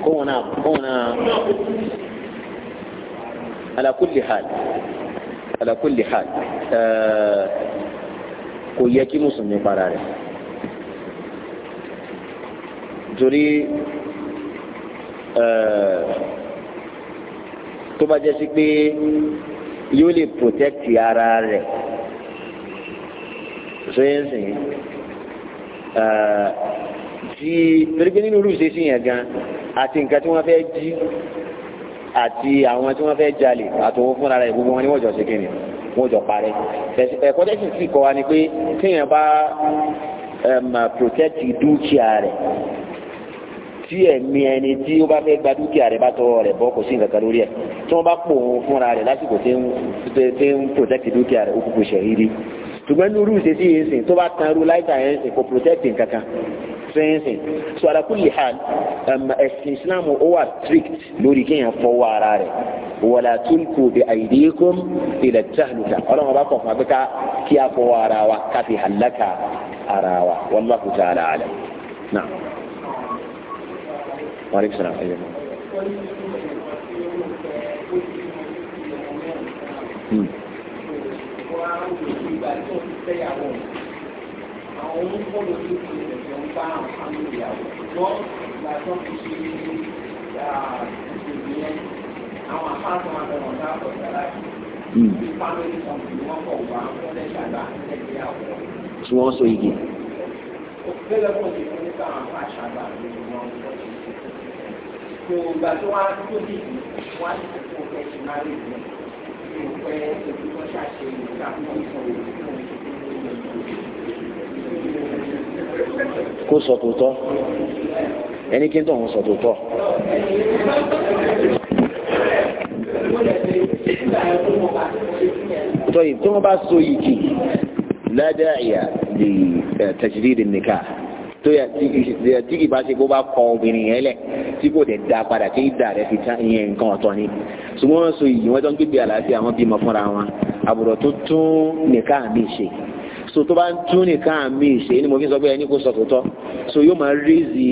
Kóhun náà kóhun náà. Ala kulli hal. Ala kulli hal. Kò yẹ kí Mùsùlùmí para rẹ̀. Torí. Eh, tó bá jẹ́ sí pé yóò lè protect ara rẹ̀ sọ́yẹ́nsì eh, tí torí pé nínú olùsè sí yẹn gan àti nǹkan tí wọ́n fẹ́ jí àti àwọn tí wọ́n fẹ́ jalè àtòwò fúnra rẹ̀ gbogbo wọn ni wọ́n jọ ṣe kíni wọ́n jọ parẹ́ ẹ̀kọ́ eh, tẹ́sí sì kọ́ wa ni pé kéèyàn bá protect dúkìá rẹ̀ tí ẹ̀mí ẹni tí ó bá fẹ́ gba dúkìá rẹ̀ bá tọwọ́ rẹ̀ bọ́ kò sí nǹkan kan lórí ẹ̀ tí wọ́n bá pò òun fúnra rẹ̀ lásìkò tí ń protect dúkìá rẹ̀ ó kúkú ṣẹ̀hídì ṣùgbọ́n ní irú ìṣesí yìí sìn tó bá tan irú láìka yẹn sìn kò protect nǹkan kan sẹ́yìnsìn so ala kulli um, ẹ̀sìn islam ó wà strict lórí kéèyàn fọwọ́ ara rẹ̀ wala tulku bi aydikum ila tahluka ọlọ́run ọba kọ̀ fún abẹ́ká kí a fọwọ́ ara wa káfí halaka ara wa wallahu ta'ala alam náà. Wàhálà ìṣẹ̀lẹ̀ àfẹ́yẹ̀. Àwọn onífọ́lù tó ti ẹ̀jẹ̀ ń bá àwọn ìyàwó ṣùgbọ́n ìgbà tó ti ṣe ìṣèlú yẹn, àwọn àpáàtọ̀ àbẹ̀wò ọ̀dà àbọ̀dà láti bí fámìlì kan kì wọ́n kọ̀ wá ọ̀dẹ̀ ṣàgbà ẹ̀jẹ̀ àwọ̀. Tí wọ́n sọ igi. Òkúlẹ̀ pọ̀ sí fún nípa àwọn àṣàgbà àti ìwọ̀n ọ̀dọ̀ tó ìgbà tó wá tó dì í wá ní kókó ẹ̀ ṣì máa rí ìlú ìlú pẹ́ ètò tó ṣàṣe ìdàkùn ìfọ̀wé kó sọ tòótọ́ ẹni kí n tó ń sọ tòótọ́. tọ́yì tí wọ́n bá so yìí ládàáyà lè eh, tajrid nìka tó yà tí kì bá ṣe kó bá kọ obìnrin yẹn lẹ̀ tí kò tẹ̀ da padà kí ìdá rẹ̀ fi tán ìyẹn nǹkan ọ̀tọ̀ ni ṣùgbọ́n wọ́n so ìyìn wọ́n tó ń gbígbé àlàáfíà wọn bímọ fúnra wọn àbùrọ̀ tó tún nìkan mi ṣe so tó bá ń tún nìkan mi ṣe ni mo fi sọ pé ẹni kò sọ tòótọ́ so yóò máa raise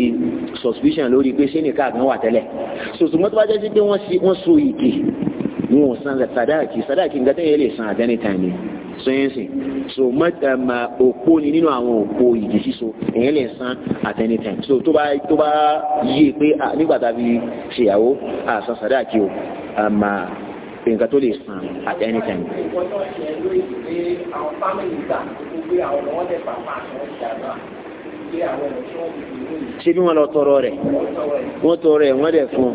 suspicion lórí pé ṣé nìkan kan wà tẹ́lẹ̀ so ṣùgbọ́n tó bá jẹ́ sí pé wọ́n so ìgè wọn ò san sàdáàkì sàdáàkì nǹkan tẹ́yẹ lè san at any time ni so yẹn sìn so mọ́tàmà òpó ni nínú àwọn òpó ìdí síso èèyàn lè san at any time so tó bá tó bá yé pé nígbà tá a fi ṣèyàwó àsan sàdáàkì o àmà nǹkan tó lè san at any time. ìwọ́n náà ṣe lóyè pé àwọn fámìlì gbà gbogbo àwọn ọmọdé bàbá àwọn ìjàmbá ṣe bí wọn lọ tọrọ rẹ̀ wọn tọrọ rẹ̀ wọn dẹ̀ fún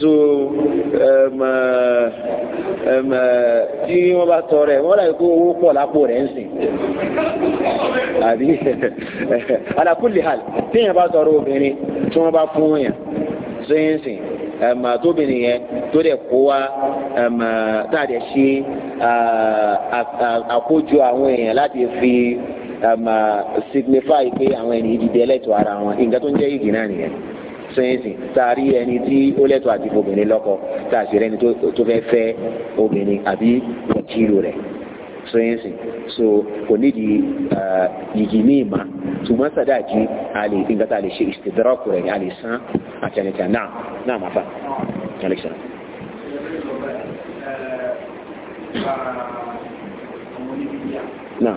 so um, uh, um, uh, tí wọn bá tọrọ rẹ̀ wọn dàbí kó owó pọ̀ lápò rẹ̀ ń sìn àbí ala kulli hal téèyàn bá tọrọ obìnrin tí wọn bá fún yàn sẹ́yìn sìn ẹ̀mà um, tóbìnrin yẹn tó dẹ̀ kó wa ẹ̀mà uh, tá a dẹ̀ ṣe àkójọ àwọn èèyàn láti fi Um, uh, signify pé àwọn ẹni ìdìdẹ ẹlẹ́tọ̀ ara wọn nǹkan tó ń jẹ́ ìgì náà nìyẹn sẹ́yìnsì taari ẹni tí ó lẹ́tọ̀ àti obìnrin lọ́kọ taasi rẹ ni tó fẹ́ fẹ́ obìnrin àbí wọ́kìlù rẹ̀ sẹ́yìnsì so kò nídìí uh, yìgì míì ma ṣùgbọ́n sàdáàkì àlè nǹkan tá a lè ṣe ìsìtìdọ́rọ́kù rẹ̀ ni a lè san àtẹnìtẹ̀ náà náà máa fà alexander. náà.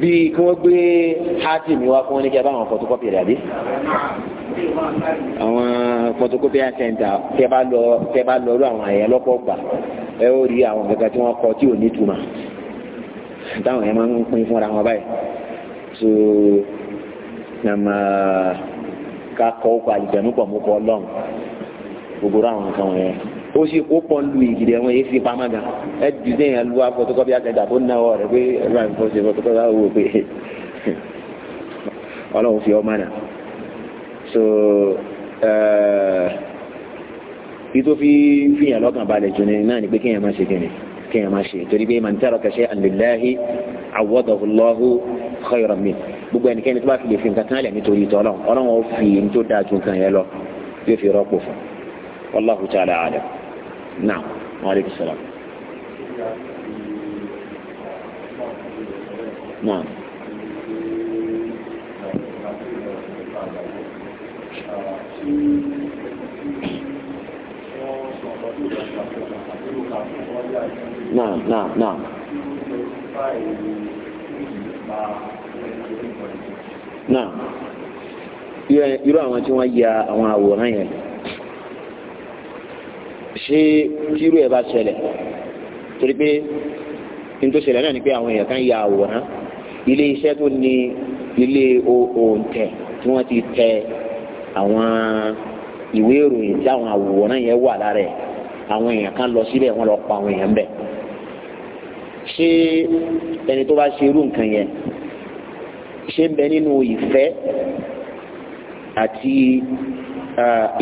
bíi kí wọ́n gbé hati mi wá fún wọn ní kí a bá àwọn photocopy rẹ̀ àbí àwọn photocopy center tí a bá lọ tí a bá lọ lọ àwọn àyè lọ́pọ̀ gbà ẹ ó rí àwọn kankan tí wọ́n kọ tí ò ní túmọ̀ táwọn yẹn máa ń pín fúnra wọn báyìí so nàmà kakọ ọkọ àlìjẹnú pọ̀ mú kọ ọlọ́run gbogbo àwọn nǹkan wọ̀nyẹn ó sì kó pọ́ńdù ìgìdì ẹ̀wọ̀n yìí fi pamọ́ gan ẹ dìde yẹn lu afọtọkọbí akẹta tó náwó rẹ pé ẹ̀rọ àìfọ̀sẹ̀ fọtọkọbí àwọn wò pé ọlọ́run fi ọmọ náà so bí tó fi fìyàn lọ́kàn balẹ̀ jù ní náà ni pé kéèyàn máa ṣe kéèyàn kéèyàn máa ṣe torí pé man taraka shay'an lillahi awadahu Allahu khayran min gbogbo ẹnikẹ́ni tó bá fi lè fi nǹkan kan lẹ̀ nítorí tọ́lọ́run ọlọ́run ó fi ní tó dáa ju nǹkan yẹn lọ yóò fi rọ́pò fún wallahu ta'ala alam náà wà lè sọ̀rọ̀. náà. Naam, naam, naam. Naam. Irú àwọn tí wọ́n ya àwọn àwòrán yẹn ṣé tírú ẹ̀ bá ṣẹlẹ̀ torí pé ní tó ṣẹlẹ̀ náà ni pé àwọn èèyàn kan ya àwòrán ilé iṣẹ́ tó ní ilé òǹtẹ̀ tí wọ́n ti tẹ àwọn ìwé ìròyìn tí àwọn àwòrán yẹn wà lára ẹ̀ àwọn èèyàn kan lọ síbẹ̀ wọ́n lọ pa àwọn èèyàn bẹ̀ ṣé ẹni tó bá ṣe irú nǹkan yẹn ṣé ń bẹ nínú ìfẹ́ àti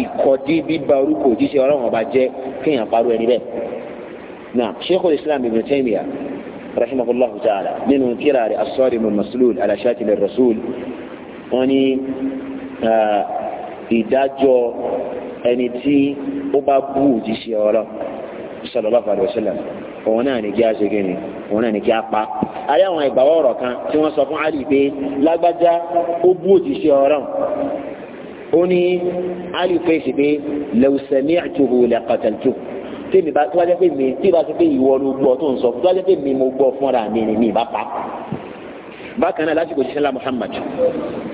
ìkọ̀dí eh, bíba orúkọ òjíṣẹ́ ọlọ́run ọba jẹ́ kéèyàn parọ́ ẹni bẹ́ẹ̀. na sheikhul islam ibn taymiya rahimahullahu ta'ala nínú kíra rẹ̀ as-sarim al-maslul ala shatil ar-rasul wọ́n ní eh, ìdájọ́ ẹni tí ó bá bú òjíṣẹ́ ọlọ́run sallallahu alayhi wa sallam òun náà ní kí a ṣe kíni pa ayé àwọn ìgbàwọ̀ ọ̀rọ̀ kan tí wọ́n sọ fún Ali pé lágbájá ó bú òjíṣẹ́ ọlọ́run ó ní ali fèsì pé law sami'tuhu laqataltuhu tèmi bá tó wá jẹ́ pé mi tí ìbá ti pé ìwọ ló gbọ́ tó ń sọ tó wá jẹ́ pé mi mo gbọ́ fúnra mi ni mi bá pa bákan náà lásìkò sísẹ́lá muhammad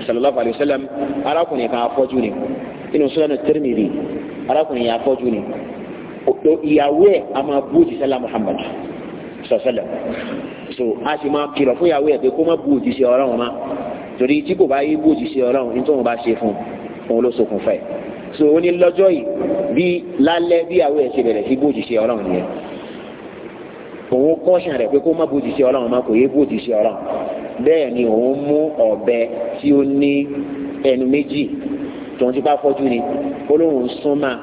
sallallahu alayhi wa sallam arákùnrin kan afọ́jú ni inú sọ́dọ̀ Tirmidhi arákùnrin yẹn afọ́jú ni ìyàwó ẹ̀ a máa bú sísẹ́lá muhammad sọ̀sẹ́lẹ̀ so a sì máa kìlọ̀ fún ìyàwó ẹ̀ pé kó má bú òjíṣẹ́ ọlọ́run má òun ló ṣokùnfà so ó ní lọ́jọ́ yìí bí lálẹ́ bí àwọn ẹ̀ṣẹ̀ bẹ̀rẹ̀ sí bójìṣẹ́ ọlọ́run yẹn òun kọ́ṣàn rẹ̀ pé kó má bójìṣẹ́ ọlọ́run má kò yé bójìṣẹ́ ọlọ́run bẹ́ẹ̀ ni òun mú ọ̀bẹ tí ó ní ẹnu méjì tòun ti bá fọ́jú ni ó lóun súnmọ́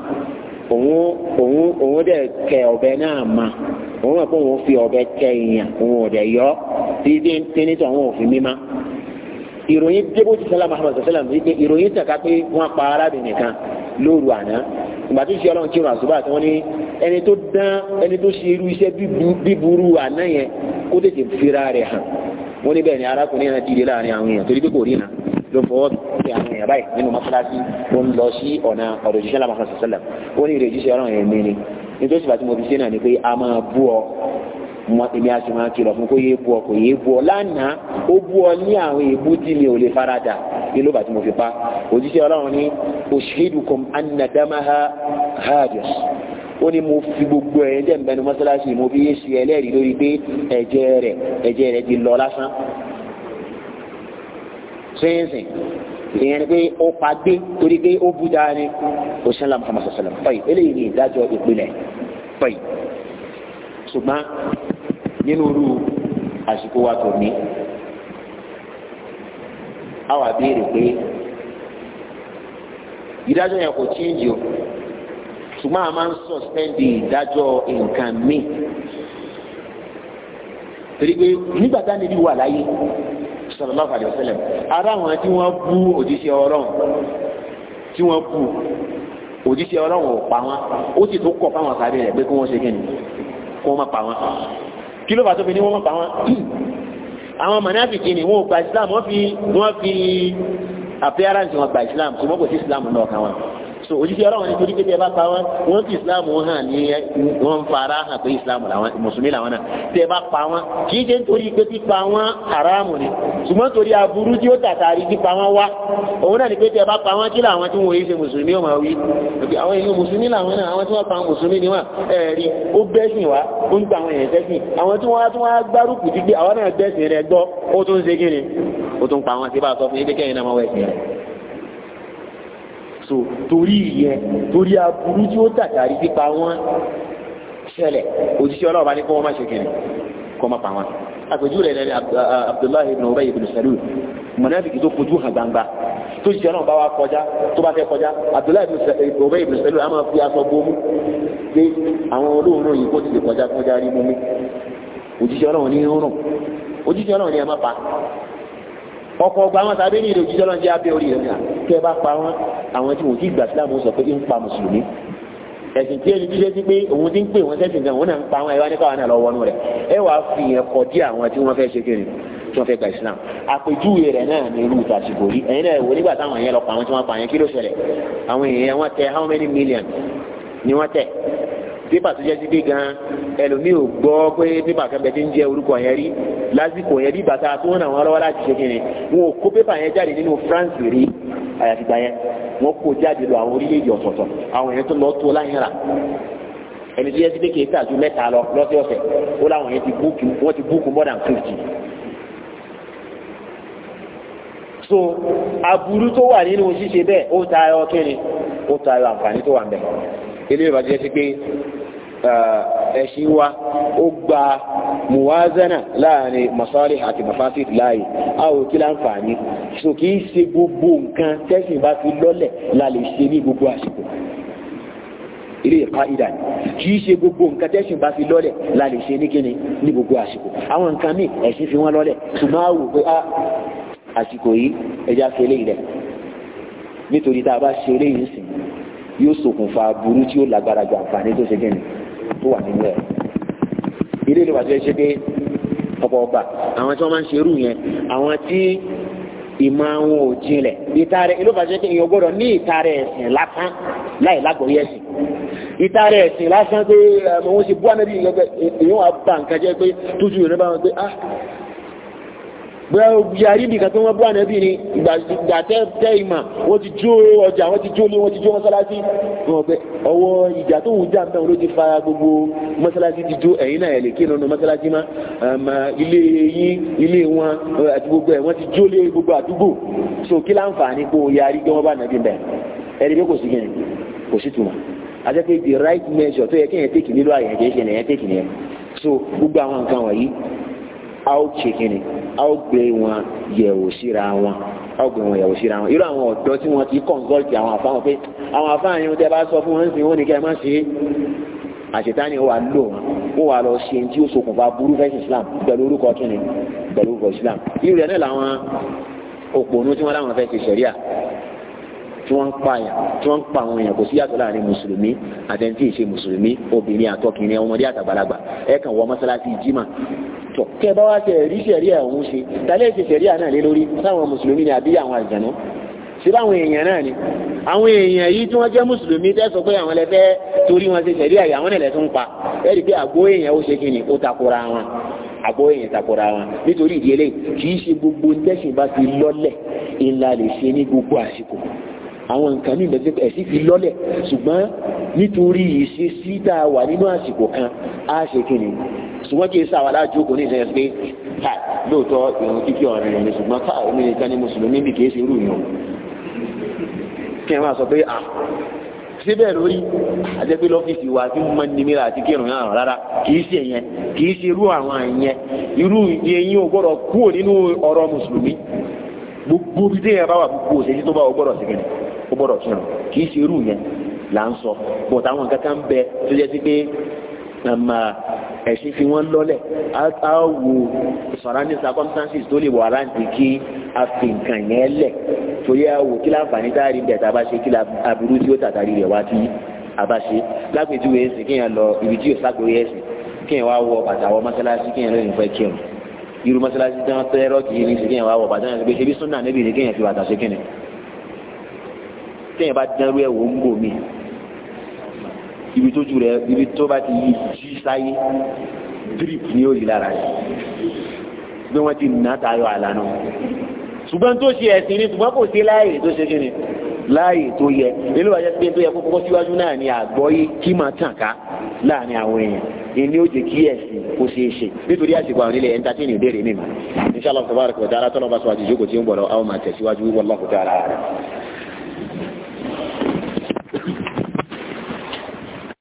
òun òun òun dẹ̀ kẹ ọ̀bẹ náà mà òun mọ̀ pé òun fi ọ̀bẹ kẹ èèyàn òun ò dẹ̀ yọ títí tínítọ̀ òun ò fi mímá ìròyìn débò ti sálà Muhammad sàlám wípé ìròyìn tàn ká pé wọ́n pa arábìnrin kan lóru àná ìgbà tó ṣe ọlọ́run kírun àsùbá àti wọ́n ní ẹni tó dán ẹni tó ṣe irú iṣẹ́ bíburú àná yẹn kó tètè fira rẹ̀ hàn wọ́n ní bẹ́ẹ̀ ni arákùnrin náà ti dé láàrin àwọn èèyàn torí pé kò rí náà ló fọwọ́ sí àwọn èèyàn báyìí nínú mọ́sálásí ó ń lọ sí ọ̀nà ọ̀dọ̀ òjíṣẹ́ lámàkàn sàlám ó ní ìrèjíṣẹ́ ọlọ́run ẹ̀mí ni nítorí sì bá tí mo a máa bú ọ mọ èmi àti máa kìlọ̀ fún kó yé bu ọ kò yé bu ọ lánàá ó bu ọ ní àwọn èébú tí mi ò lè farada ní ló bá tí mo fi pa òjíṣẹ́ ọlọ́run ní ushidukum anadamaha hajjus ó ní mo fi gbogbo ẹ̀ jẹ́ mbẹ́nu mọ́sálásí mo fi yé ṣe ẹlẹ́rìí lórí pé ẹ̀jẹ̀ rẹ̀ ẹ̀jẹ̀ rẹ̀ ti lọ lásán sẹ́yìnsìn ìyẹn ni pé ó pa torí pé ó bu dáa ni òṣèlú àmọ́ sọ̀sọ̀lọ̀ pẹ̀lú eléyìí ṣùgbọ́n nínú irú àsìkò wa tó ní a wà béèrè pé ìdájọ́ yẹn kò chíńjì o ṣùgbọ́n a máa ń sọ̀spẹ́ndì ìdájọ́ nǹkan míì torí pé nígbà tá níbi wà láyé sallallahu alaihi wasallam ara àwọn tí wọ́n bú òjíṣẹ́ ọlọ́run tí wọ́n bú òjíṣẹ́ ọlọ́run ò pa wọn ó sì tó kọ̀ fáwọn sáré rẹ̀ pé kí wọ́n ṣe kí ni kí má pa wọn kí ló fà tó fi ní wọ́n pa wọn àwọn mọ̀nàfìkì ni wọn gba islam wọ́n fi wọ́n fi appearance wọn gba islam ṣùgbọ́n kò sí islam náà kan wọn so ojúṣe ọlọ́run ní torí pé tẹ́ bá pa wọ́n wọ́n fi islam hàn ní wọ́n ń fara hàn pé islam làwọn mùsùlùmí làwọn náà tẹ́ bá pa wọ́n kì í ṣe nítorí pé pípa wọ́n haramu ni ṣùgbọ́n torí aburú tí ó tàtàrí pípa wọ́n wá òun náà ni pé tẹ́ bá pa wọ́n kí làwọn tí wọ́n yé ṣe mùsùlùmí ọmọ wí àwọn èèyàn mùsùlùmí làwọn náà àwọn tí wọ́n pa mùsùlùmí ni wọ́n ẹ̀rí ó gbẹ́sìn wá ó ń gba àwọn èèyàn sẹ́sìn àwọn tí wọ́n wá gbárùkù ni ó tún pa wọn sí bá a sọ fún yín pé kẹ́yìn so torí ìyẹn torí aburú tí ó tàtàrí pípa wọn ṣẹlẹ̀ òjíṣẹ́ ọlọ́ọ̀bá ní kó wọ́n má ṣe kiri kó má pa wọn àpèjú rẹ̀ lẹ́ni Abdullahi ibn Ubay ibn Salul mọ̀nàbìkì tó fojú hàn gbangba tó jẹ́ náà bá wa kọjá tó bá fẹ́ kọjá Abdullahi ibn Ubay ibn Salul a máa fi aṣọ gbóòmù pé àwọn olóòórùn yìí kò tìlẹ̀ kọjá kọjá rí mú mi òjíṣẹ́ ọlọ́run ní rúnrún òjíṣẹ́ ọlọ́run ní ọkọ̀ ọgbà wọn tàbí ní ìlú jíjọ́ lọ́n jẹ́ abẹ́ orí rẹ̀ náà kí ẹ bá pa wọn àwọn tí wọn kì í gbà sílámù sọ pé ń pa mùsùlùmí ẹ̀sìn tí ẹni jíjẹ́ sí pé òun ti ń pè wọ́n sẹ́sìn gan òun náà ń pa wọn ẹ wá ní káwọn náà lọ wọnú rẹ̀ ẹ wà á fi yẹn kọ dí àwọn tí wọ́n fẹ́ ṣe kiri tí wọ́n fẹ́ gba Islam àpèjúwe rẹ̀ náà ní irú ìtàsìkò rí ẹ̀yin náà wò nígbà táwọn yẹn lọ pa àwọn tí wọ́n pa yẹn kí ló ṣẹlẹ̀ àwọn èèyàn wọn tẹ how many million ni wọ́n tẹ̀ pépà tó jẹ́ sí pé gan ẹlòmíì ò gbọ́ pé pépà kan bẹ ti ń jẹ́ orúkọ yẹn rí lásìkò yẹn bí bàtà tó ń ràn wọ́n láti ṣe kí ni wọn ò kó pépà yẹn jáde nínú France rí àyàfi yẹn wọn kó jáde lọ àwọn orílẹ̀-èdè ọ̀tọ̀ọ̀tọ̀ àwọn yẹn tó lọ tó láyìn rà ẹni tó tà eléyìí bá jẹ́ sí pé ẹ̀sìn wa ó gba muwazana láàrin masari àti mafasit láàyè a ò kí láǹfààní so kì í ṣe gbogbo nǹkan tẹ́sìn bá fi lọ́lẹ̀ la lè ṣe ní gbogbo àsìkò ilé ìpáìdà ni kì í ṣe gbogbo nǹkan tẹ́sìn bá fi lọ́lẹ̀ la lè ṣe ní kíni ní gbogbo àsìkò àwọn nǹkan míì ẹ̀sìn fi wọ́n lọ́lẹ̀ ṣùgbọ́n a wò ah, yìí ẹja fi eléyìí rẹ̀ nítorí tá a bá ṣe eléyìí sìn yóò ṣokùnfà burú tí ó lágbára ju àǹfààní tó ṣe gẹ́ni tó wà nínú ẹ̀. ilé ìlú wàtí ẹ ṣe pé ọ̀pọ̀ ọgbà àwọn tí wọ́n máa ń ṣerú yẹn àwọn tí ìmọ̀ àwọn ò jinlẹ̀ ìtarẹ̀ ìlú fàṣẹ kí èèyàn gbọ́dọ̀ ní ìtarẹ̀ ẹ̀sìn lásán láì lágbóyè ẹ̀sìn ìtarẹ̀ ẹ̀sìn lásán pé àwọn ohun ti bú ànábì ah bóyá yarí nìkan tó wọ́n bú ànábì ni ìgbà tẹ́ ìmà wọ́n ti jó ọjà wọ́n ti jó lé wọ́n ti jó mọ́sálásí wọn pé ọwọ́ ìjà tó wù já mẹ́wọ́n ló ti fa gbogbo mọ́sálásí ti jó ẹ̀yìn náà ẹ̀lẹ́kẹ́ nínú mọ́sálásí má àmà ilé yín ilé wọn àti gbogbo ẹ̀ wọ́n ti jó lé gbogbo àdúgbò so kí láǹfààní kó yarí pé wọ́n bá ànábì bẹ̀ ẹ̀rí pé kò sí kìnnì kò sí tùmọ̀ àti pé the right measure tó yẹ kéèyàn tèkì nílò àyẹ̀kẹ́ a ó ṣe kínni a ó gbé wọn yẹ̀wò síra wọn a ó gbé wọn yẹ̀wò síra wọn irú àwọn ọ̀dọ́ tí wọ́n ti consult àwọn àfáwọn pé àwọn àfáàn yẹn tẹ́ bá sọ fún wọn ń sìn wọn ní kẹ́ ẹ má ṣe é àṣetáni ó wà lò wọn ó wà lọ ṣe tí ó ṣokùnfà burú fẹ́sì Islam pẹ̀lú orúkọ kínni pẹ̀lú orúkọ Islam irú rẹ̀ náà làwọn òpònú tí wọ́n láwọn fẹ́ ṣe ṣẹ̀ríà tí wọ́n ń pààyàn tí wọ́n ń pa àwọn èèyàn kò sí yàtọ̀ láàrin mùsùlùmí àtẹ̀ntì ìṣe mùsùlùmí obìnrin àtọkùnrin ọmọdé àtàgbàlagbà ẹ kàn wọ mọ́sálásí jimá tọ̀ tẹ́ bá wá tẹ̀ rí sẹ̀rí ẹ̀hún ṣe tàlẹ́ ti sẹ̀rí àná lé lórí sáwọn mùsùlùmí ni àbí àwọn àjànú sí báwọn èèyàn náà ni àwọn èèyàn yìí tí wọ́n jẹ́ mùsùlùmí tẹ́ pé àwọn ẹlẹ́fẹ́ torí wọn ṣe sẹ̀rí àyà wọn nílẹ̀ pa ẹ̀rí pé àgbo èèyàn ó ṣe kí ni ó takora wọn àgbo èèyàn takora wọn nítorí ìdílé kì í ṣe gbogbo tẹ́sìn bá ti lọ́lẹ̀ ìlà lè ṣe ní gbogbo àsìkò àwọn nǹkan ní ìgbésẹ̀ ẹ̀sìn fi lọ́lẹ̀ ṣùgbọ́n nítorí ìṣesí tá a wà nínú àsìkò kan á ṣe kí ni ṣùgbọ́n kì í sáwà láàjú kò ní ìṣẹ̀yẹ pé ha lóòótọ́ ìrùn kíkí ọ̀rìn ìrìn ṣùgbọ́n ká èmi nìkan ni mùsùlùmí bì kìí ṣe irú ìrìn kí ẹ máa sọ pé ah síbẹ̀ lórí àjẹpé lọ́fíìsì wa tí mo máa ń nimira àti kírun náà rárá kìí ṣe yẹn kìí ṣe irú àwọn yẹn irú yẹn ò gbọ́dọ̀ kúrò nínú ọ̀rọ̀ mùsùlùmí gbogbo bí dé yẹn bá gbogbo òṣèṣì àmà ẹ̀sìn fi wọ́n lọ́lẹ̀ á wo surrounding circumstances tó lè wà láǹtí kí a fi nǹkan yẹn lẹ̀ torí a wò kí láǹfààní tá a rí bẹ̀ẹ̀ tá a bá ṣe kí aburú tí ó tàtàrí rẹ̀ wá sí a bá ṣe lágbèjúwe ẹ̀sìn kí yẹn lọ ibi tí yóò ságbóyè ẹ̀sìn kí yẹn wá wọ bàtà wọ mọ́sálásí kí yẹn lọ́yìn fẹ́ kírun irú mọ́sálásí tí wọ́n tẹ́ rọ́ọ̀kì yìí ní sìkẹ́yìn wá wọ̀ bàtà yẹn gbé ṣe bí súnà níbi ní kéèyàn fi bàtà ṣe kíni kéèyàn bá dánrú ẹ̀ wò ń bò míì ibi tó ju rẹ ibi tó bá ti yí jí sáyé drip ni ó yí lára rẹ bí wọ́n ti nà tayọ àlà náà ṣùgbọ́n tó ṣe ẹ̀sìn ni ṣùgbọ́n kò sí láàyè tó ṣe kíni láàyè tó yẹ nínú àjẹ pé tó yẹ kó kọ́kọ́ síwájú náà ni àgbọ́yé kí máa tàn ká láàrin àwọn èèyàn ìní ó jẹ kí ẹ̀sìn kó ṣe é ṣe nítorí àsìkò àwọn ilé ẹ̀ńtátìnì ìbéèrè nìyí inṣàlọ́ tabarak wa ta'ala tọ́lọ́ bá sọ àjèjì kò tí ń bọ̀ lọ àwọn máa tẹ̀síwájú wallahu ta'ala